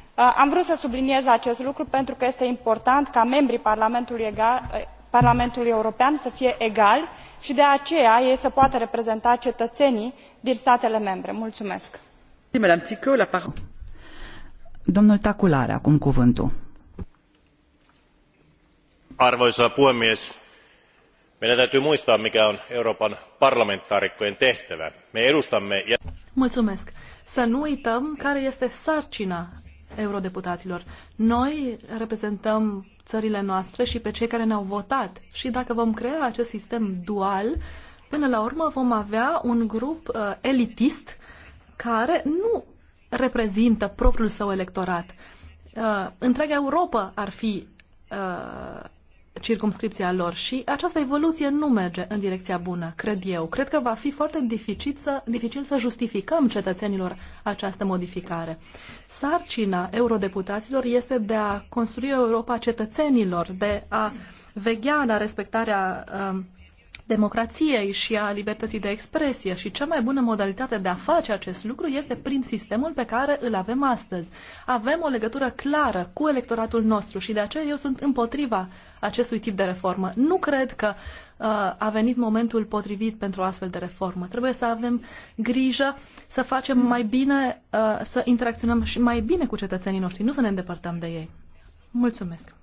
Uh, am vrut să subliniez acest lucru pentru că este important ca membrii parlamentului uh, european să fie egali i de aceea ei să poată reprezenta cetăenii din statele membre. Mulțumesc. Domnul Tacula are acum cuvântul. Arvoisa puhemies, meidän täytyy muistaa mikä on Euroopan parlamentaarikkojen tehtävä. Me edustamme Mulțumesc. Să nu uităm care este sarcina eurodeputaților. Noi reprezentăm țările noastre și pe cei care ne-au votat. Și dacă vom crea acest sistem dual, până la urmă vom avea un grup uh, elitist care nu reprezintă propriul său electorat. Uh, întreaga Europa ar fi uh, circumscripția lor și această evoluție nu merge în direcția bună, cred eu. Cred că va fi foarte dificil să, dificil să justificăm cetățenilor această modificare. Sarcina eurodeputaților este de a construi Europa cetățenilor, de a veghea la respectarea uh, democrației și a libertății de expresie și cea mai bună modalitate de a face acest lucru este prin sistemul pe care îl avem astăzi. Avem o legătură clară cu electoratul nostru și de aceea eu sunt împotriva acestui tip de reformă. Nu cred că uh, a venit momentul potrivit pentru o astfel de reformă. Trebuie să avem grijă să facem mai bine, uh, să interacționăm și mai bine cu cetățenii noștri, nu să ne îndepărtăm de ei. Mulțumesc!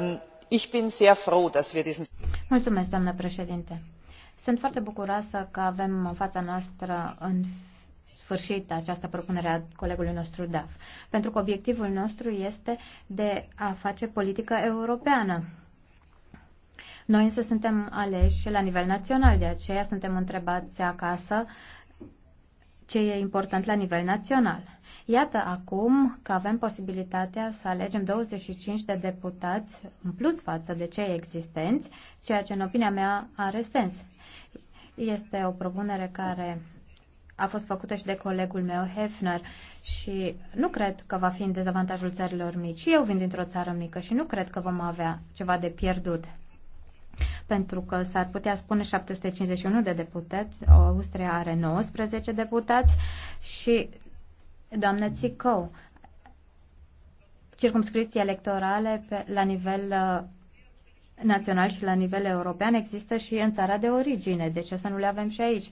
Um, ich bin sehr froh, dass wir diesen Mulțumesc, doamnă președinte. Sunt foarte bucuroasă că avem în fața noastră în sfârșit această propunere a colegului nostru DAF, pentru că obiectivul nostru este de a face politică europeană. Noi însă suntem aleși la nivel național, de aceea suntem întrebați acasă ce e important la nivel național. Iată acum că avem posibilitatea să alegem 25 de deputați în plus față de cei existenți, ceea ce în opinia mea are sens. Este o propunere care a fost făcută și de colegul meu Hefner și nu cred că va fi în dezavantajul țărilor mici. Eu vin dintr-o țară mică și nu cred că vom avea ceva de pierdut. Pentru că s-ar putea spune 751 de deputați, Austria are 19 deputați și doamnă Țicău, circumscripții electorale pe, la nivel uh, național și la nivel european există și în țara de origine, de deci ce să nu le avem și aici?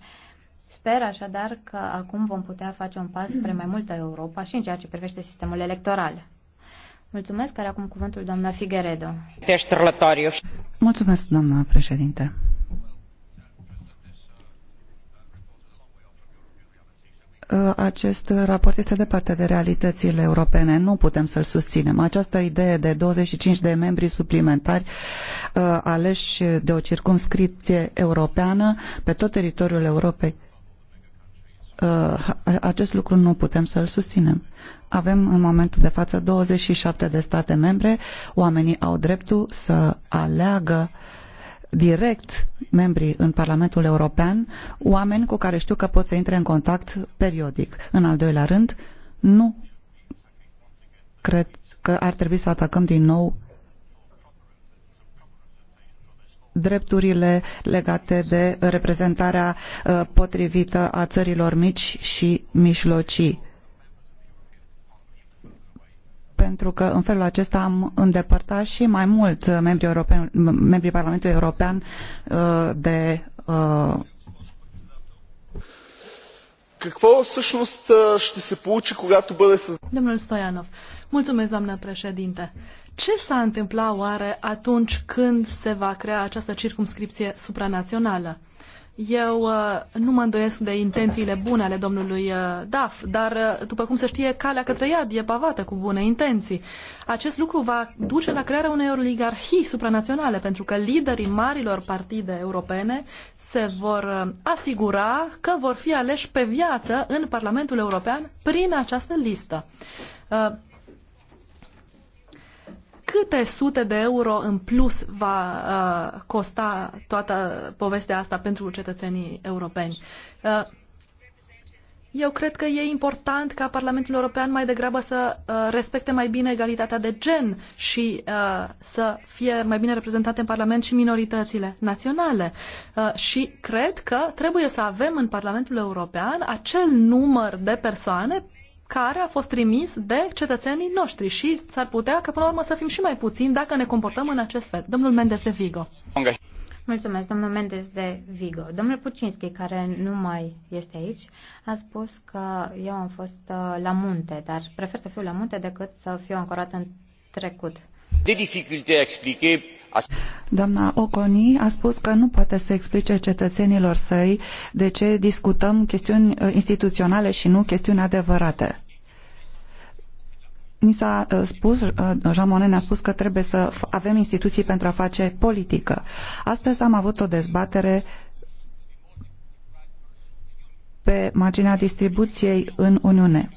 Sper așadar că acum vom putea face un pas spre mai multă Europa și în ceea ce privește sistemul electoral. Mulțumesc, care acum cuvântul doamna Figueredo. Mulțumesc, doamna președinte. Uh, acest raport este departe de realitățile europene. Nu putem să-l susținem. Această idee de 25 de membri suplimentari uh, aleși de o circumscripție europeană pe tot teritoriul Europei Uh, acest lucru nu putem să-l susținem. Avem în momentul de față 27 de state membre, oamenii au dreptul să aleagă direct membrii în Parlamentul European, oameni cu care știu că pot să intre în contact periodic. În al doilea rând, nu cred că ar trebui să atacăm din nou drepturile legate de uh, reprezentarea uh, potrivită a țărilor mici și mijlocii pentru că în felul acesta am îndepărtat și mai mult uh, membrii, europeni, membrii Parlamentului European de Какво Domnul Stoianov. Mulțumesc, doamnă președinte. Ce s-a întâmplat oare atunci când se va crea această circumscripție supranațională? Eu uh, nu mă îndoiesc de intențiile bune ale domnului uh, Daf, dar, uh, după cum se știe, calea către iad e pavată cu bune intenții. Acest lucru va duce la crearea unei oligarhii supranaționale, pentru că liderii marilor partide europene se vor uh, asigura că vor fi aleși pe viață în Parlamentul European prin această listă. Uh, câte sute de euro în plus va uh, costa toată povestea asta pentru cetățenii europeni. Uh, eu cred că e important ca Parlamentul European mai degrabă să uh, respecte mai bine egalitatea de gen și uh, să fie mai bine reprezentate în Parlament și minoritățile naționale. Uh, și cred că trebuie să avem în Parlamentul European acel număr de persoane care a fost trimis de cetățenii noștri și s-ar putea că până la urmă să fim și mai puțini dacă ne comportăm în acest fel. Domnul Mendes de Vigo. Mulțumesc, domnul Mendes de Vigo. Domnul Pucinski, care nu mai este aici, a spus că eu am fost uh, la munte, dar prefer să fiu la munte decât să fiu ancorat în trecut. De Doamna Oconi a spus că nu poate să explice cetățenilor săi de ce discutăm chestiuni uh, instituționale și nu chestiuni adevărate. Ni s-a uh, spus, uh, Jean Monnet ne-a spus că trebuie să avem instituții pentru a face politică. Astăzi am avut o dezbatere pe marginea distribuției în Uniune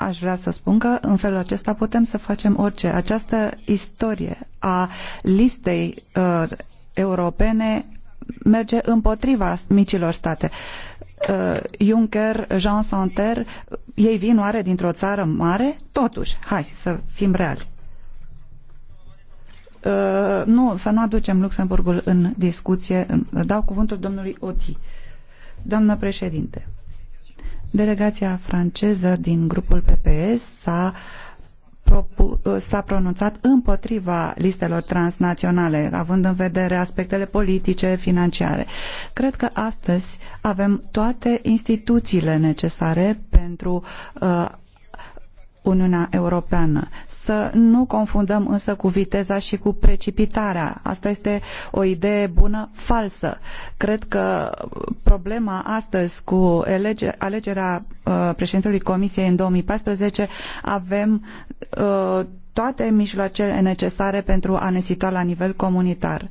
aș vrea să spun că în felul acesta putem să facem orice. Această istorie a listei uh, europene merge împotriva micilor state. Uh, Juncker, Jean Santer, ei vin oare dintr-o țară mare? Totuși, hai să fim reali. Uh, nu, să nu aducem Luxemburgul în discuție. Dau cuvântul domnului Oti. Doamnă președinte. Delegația franceză din grupul PPS s-a s-a pronunțat împotriva listelor transnaționale, având în vedere aspectele politice, financiare. Cred că astăzi avem toate instituțiile necesare pentru uh, Uniunea Europeană. Să nu confundăm însă cu viteza și cu precipitarea. Asta este o idee bună falsă. Cred că problema astăzi cu elege, alegerea uh, președintelui Comisiei în 2014 avem uh, toate mijloacele necesare pentru a ne situa la nivel comunitar.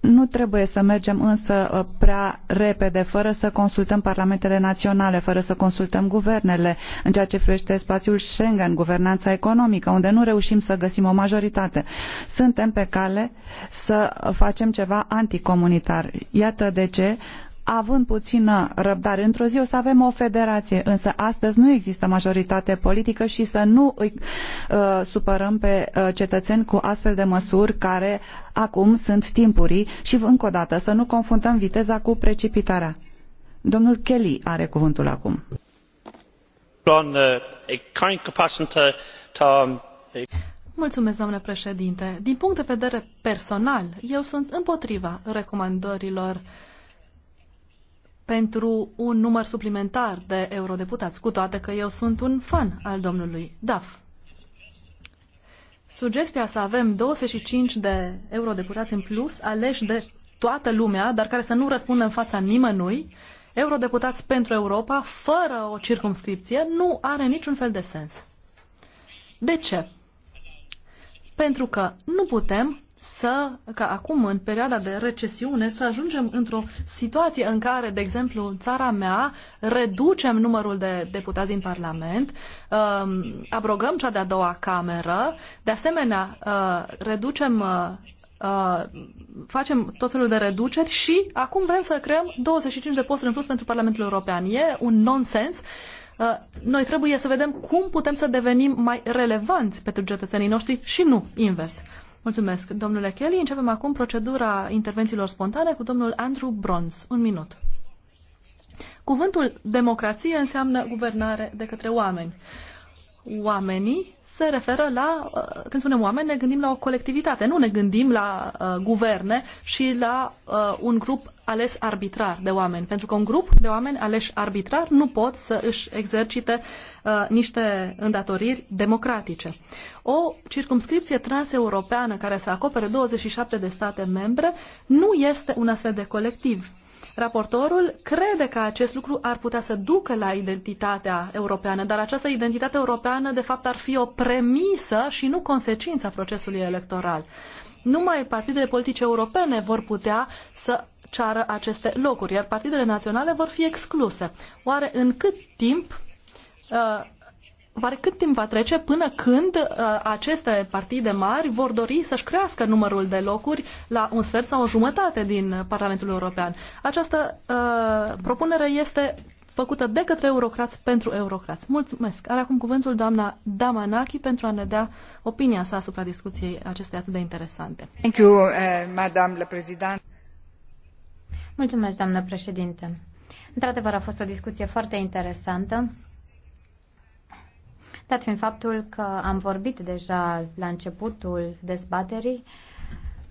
Nu trebuie să mergem însă uh, prea repede, fără să consultăm parlamentele naționale, fără să consultăm guvernele în ceea ce privește spațiul Schengen, guvernanța economică, unde nu reușim să găsim o majoritate. Suntem pe cale să facem ceva anticomunitar. Iată de ce având puțină răbdare, într-o zi o să avem o federație, însă astăzi nu există majoritate politică și să nu îi uh, supărăm pe uh, cetățeni cu astfel de măsuri care acum sunt timpurii și încă o dată să nu confundăm viteza cu precipitarea. Domnul Kelly are cuvântul acum. Uh, um, Mulțumesc, doamnă președinte. Din punct de vedere personal, eu sunt împotriva recomandărilor uh, pentru un număr suplimentar de eurodeputați, cu toate că eu sunt un fan al domnului Daf. Sugestia să avem 25 de eurodeputați în plus, aleși de toată lumea, dar care să nu răspundă în fața nimănui, eurodeputați pentru Europa, fără o circumscripție, nu are niciun fel de sens. De ce? Pentru că nu putem să, ca acum, în perioada de recesiune, să ajungem într-o situație în care, de exemplu, în țara mea, reducem numărul de deputați din Parlament, um, abrogăm cea de-a doua cameră, de asemenea, uh, reducem uh, uh, facem tot felul de reduceri și acum vrem să creăm 25 de posturi în plus pentru Parlamentul European. E un nonsens. noi trebuie să vedem cum putem să devenim mai relevanți pentru cetățenii noștri și nu invers. Mulțumesc. Domnule Kelly, începem acum procedura intervențiilor spontane cu domnul Andrew Bronz. Un minut. Cuvântul democrație înseamnă guvernare de către oameni. Oamenii se referă la, uh, când spunem oameni, ne gândim la o colectivitate, nu ne gândim la uh, guverne și la uh, un grup ales arbitrar de oameni, pentru că un grup de oameni aleși arbitrar nu pot să își exercite uh, Uh, niște îndatoriri democratice. O circumscripție transeuropeană care să acopere 27 de state membre nu este un astfel de colectiv. Raportorul crede că acest lucru ar putea să ducă la identitatea europeană, dar această identitate europeană, de fapt, ar fi o premisă și nu consecința procesului electoral. Numai partidele politice europene vor putea să ceară aceste locuri, iar partidele naționale vor fi excluse. Oare în cât timp Uh, oare cât timp va trece până când uh, aceste partide mari vor dori să-și crească numărul de locuri la un sfert sau o jumătate din Parlamentul European? Această uh, propunere este făcută de către eurocrați pentru eurocrați. Mulțumesc! Are acum cuvântul doamna Damanaki pentru a ne da opinia sa asupra discuției acestei atât de interesante. Thank you, uh, madame la president. Mulțumesc, doamnă președinte. Într-adevăr, a fost o discuție foarte interesantă Dat fiind faptul că am vorbit deja la începutul dezbaterii,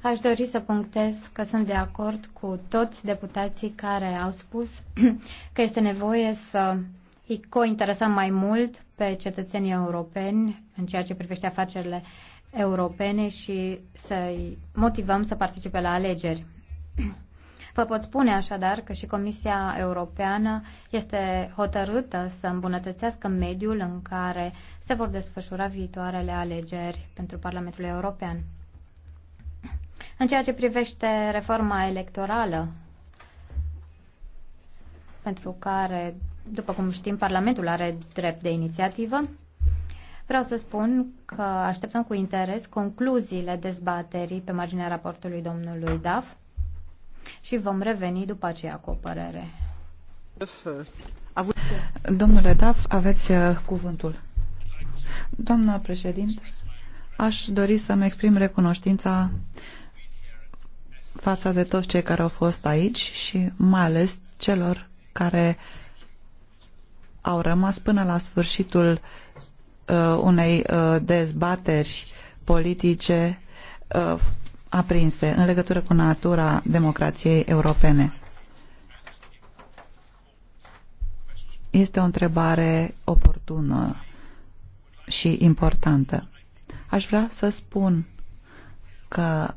aș dori să punctez că sunt de acord cu toți deputații care au spus că este nevoie să îi cointeresăm mai mult pe cetățenii europeni în ceea ce privește afacerile europene și să-i motivăm să participe la alegeri. Vă pot spune așadar că și Comisia Europeană este hotărâtă să îmbunătățească mediul în care se vor desfășura viitoarele alegeri pentru Parlamentul European. În ceea ce privește reforma electorală, pentru care, după cum știm, Parlamentul are drept de inițiativă, vreau să spun că așteptăm cu interes concluziile dezbaterii pe marginea raportului domnului Daf și vom reveni după aceea cu o părere. Domnule Daf, aveți uh, cuvântul. Doamna președinte, aș dori să-mi exprim recunoștința față de toți cei care au fost aici și mai ales celor care au rămas până la sfârșitul uh, unei uh, dezbateri politice uh, aprinse în legătură cu natura democrației europene. Este o întrebare oportună și importantă. Aș vrea să spun că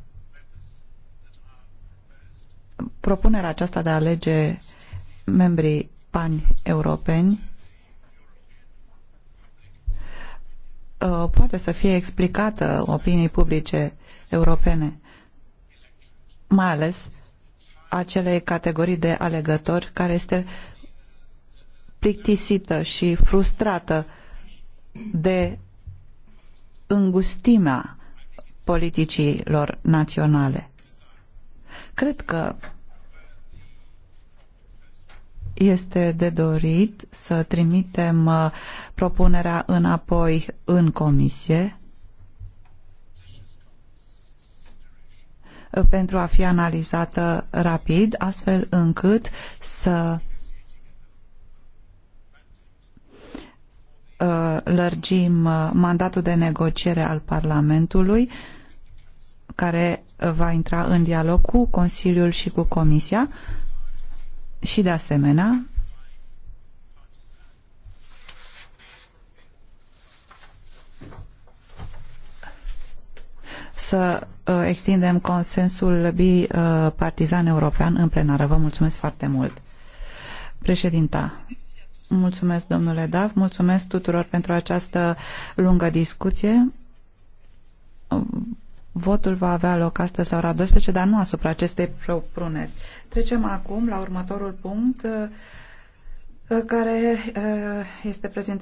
propunerea aceasta de a alege membrii pan-europeni uh, poate să fie explicată opinii publice europene mai ales acelei categorii de alegători care este plictisită și frustrată de îngustimea politicilor naționale. Cred că este de dorit să trimitem uh, propunerea înapoi în comisie pentru a fi analizată rapid, astfel încât să uh, lărgim uh, mandatul de negociere al Parlamentului care uh, va intra în dialog cu Consiliul și cu Comisia și de asemenea să uh, extindem consensul bipartizan european în plenară. Vă mulțumesc foarte mult. Președinta, mulțumesc domnule Dav, mulțumesc tuturor pentru această lungă discuție. Votul va avea loc astăzi la ora 12, dar nu asupra acestei propuneri. Trecem acum la următorul punct uh, care uh, este prezentat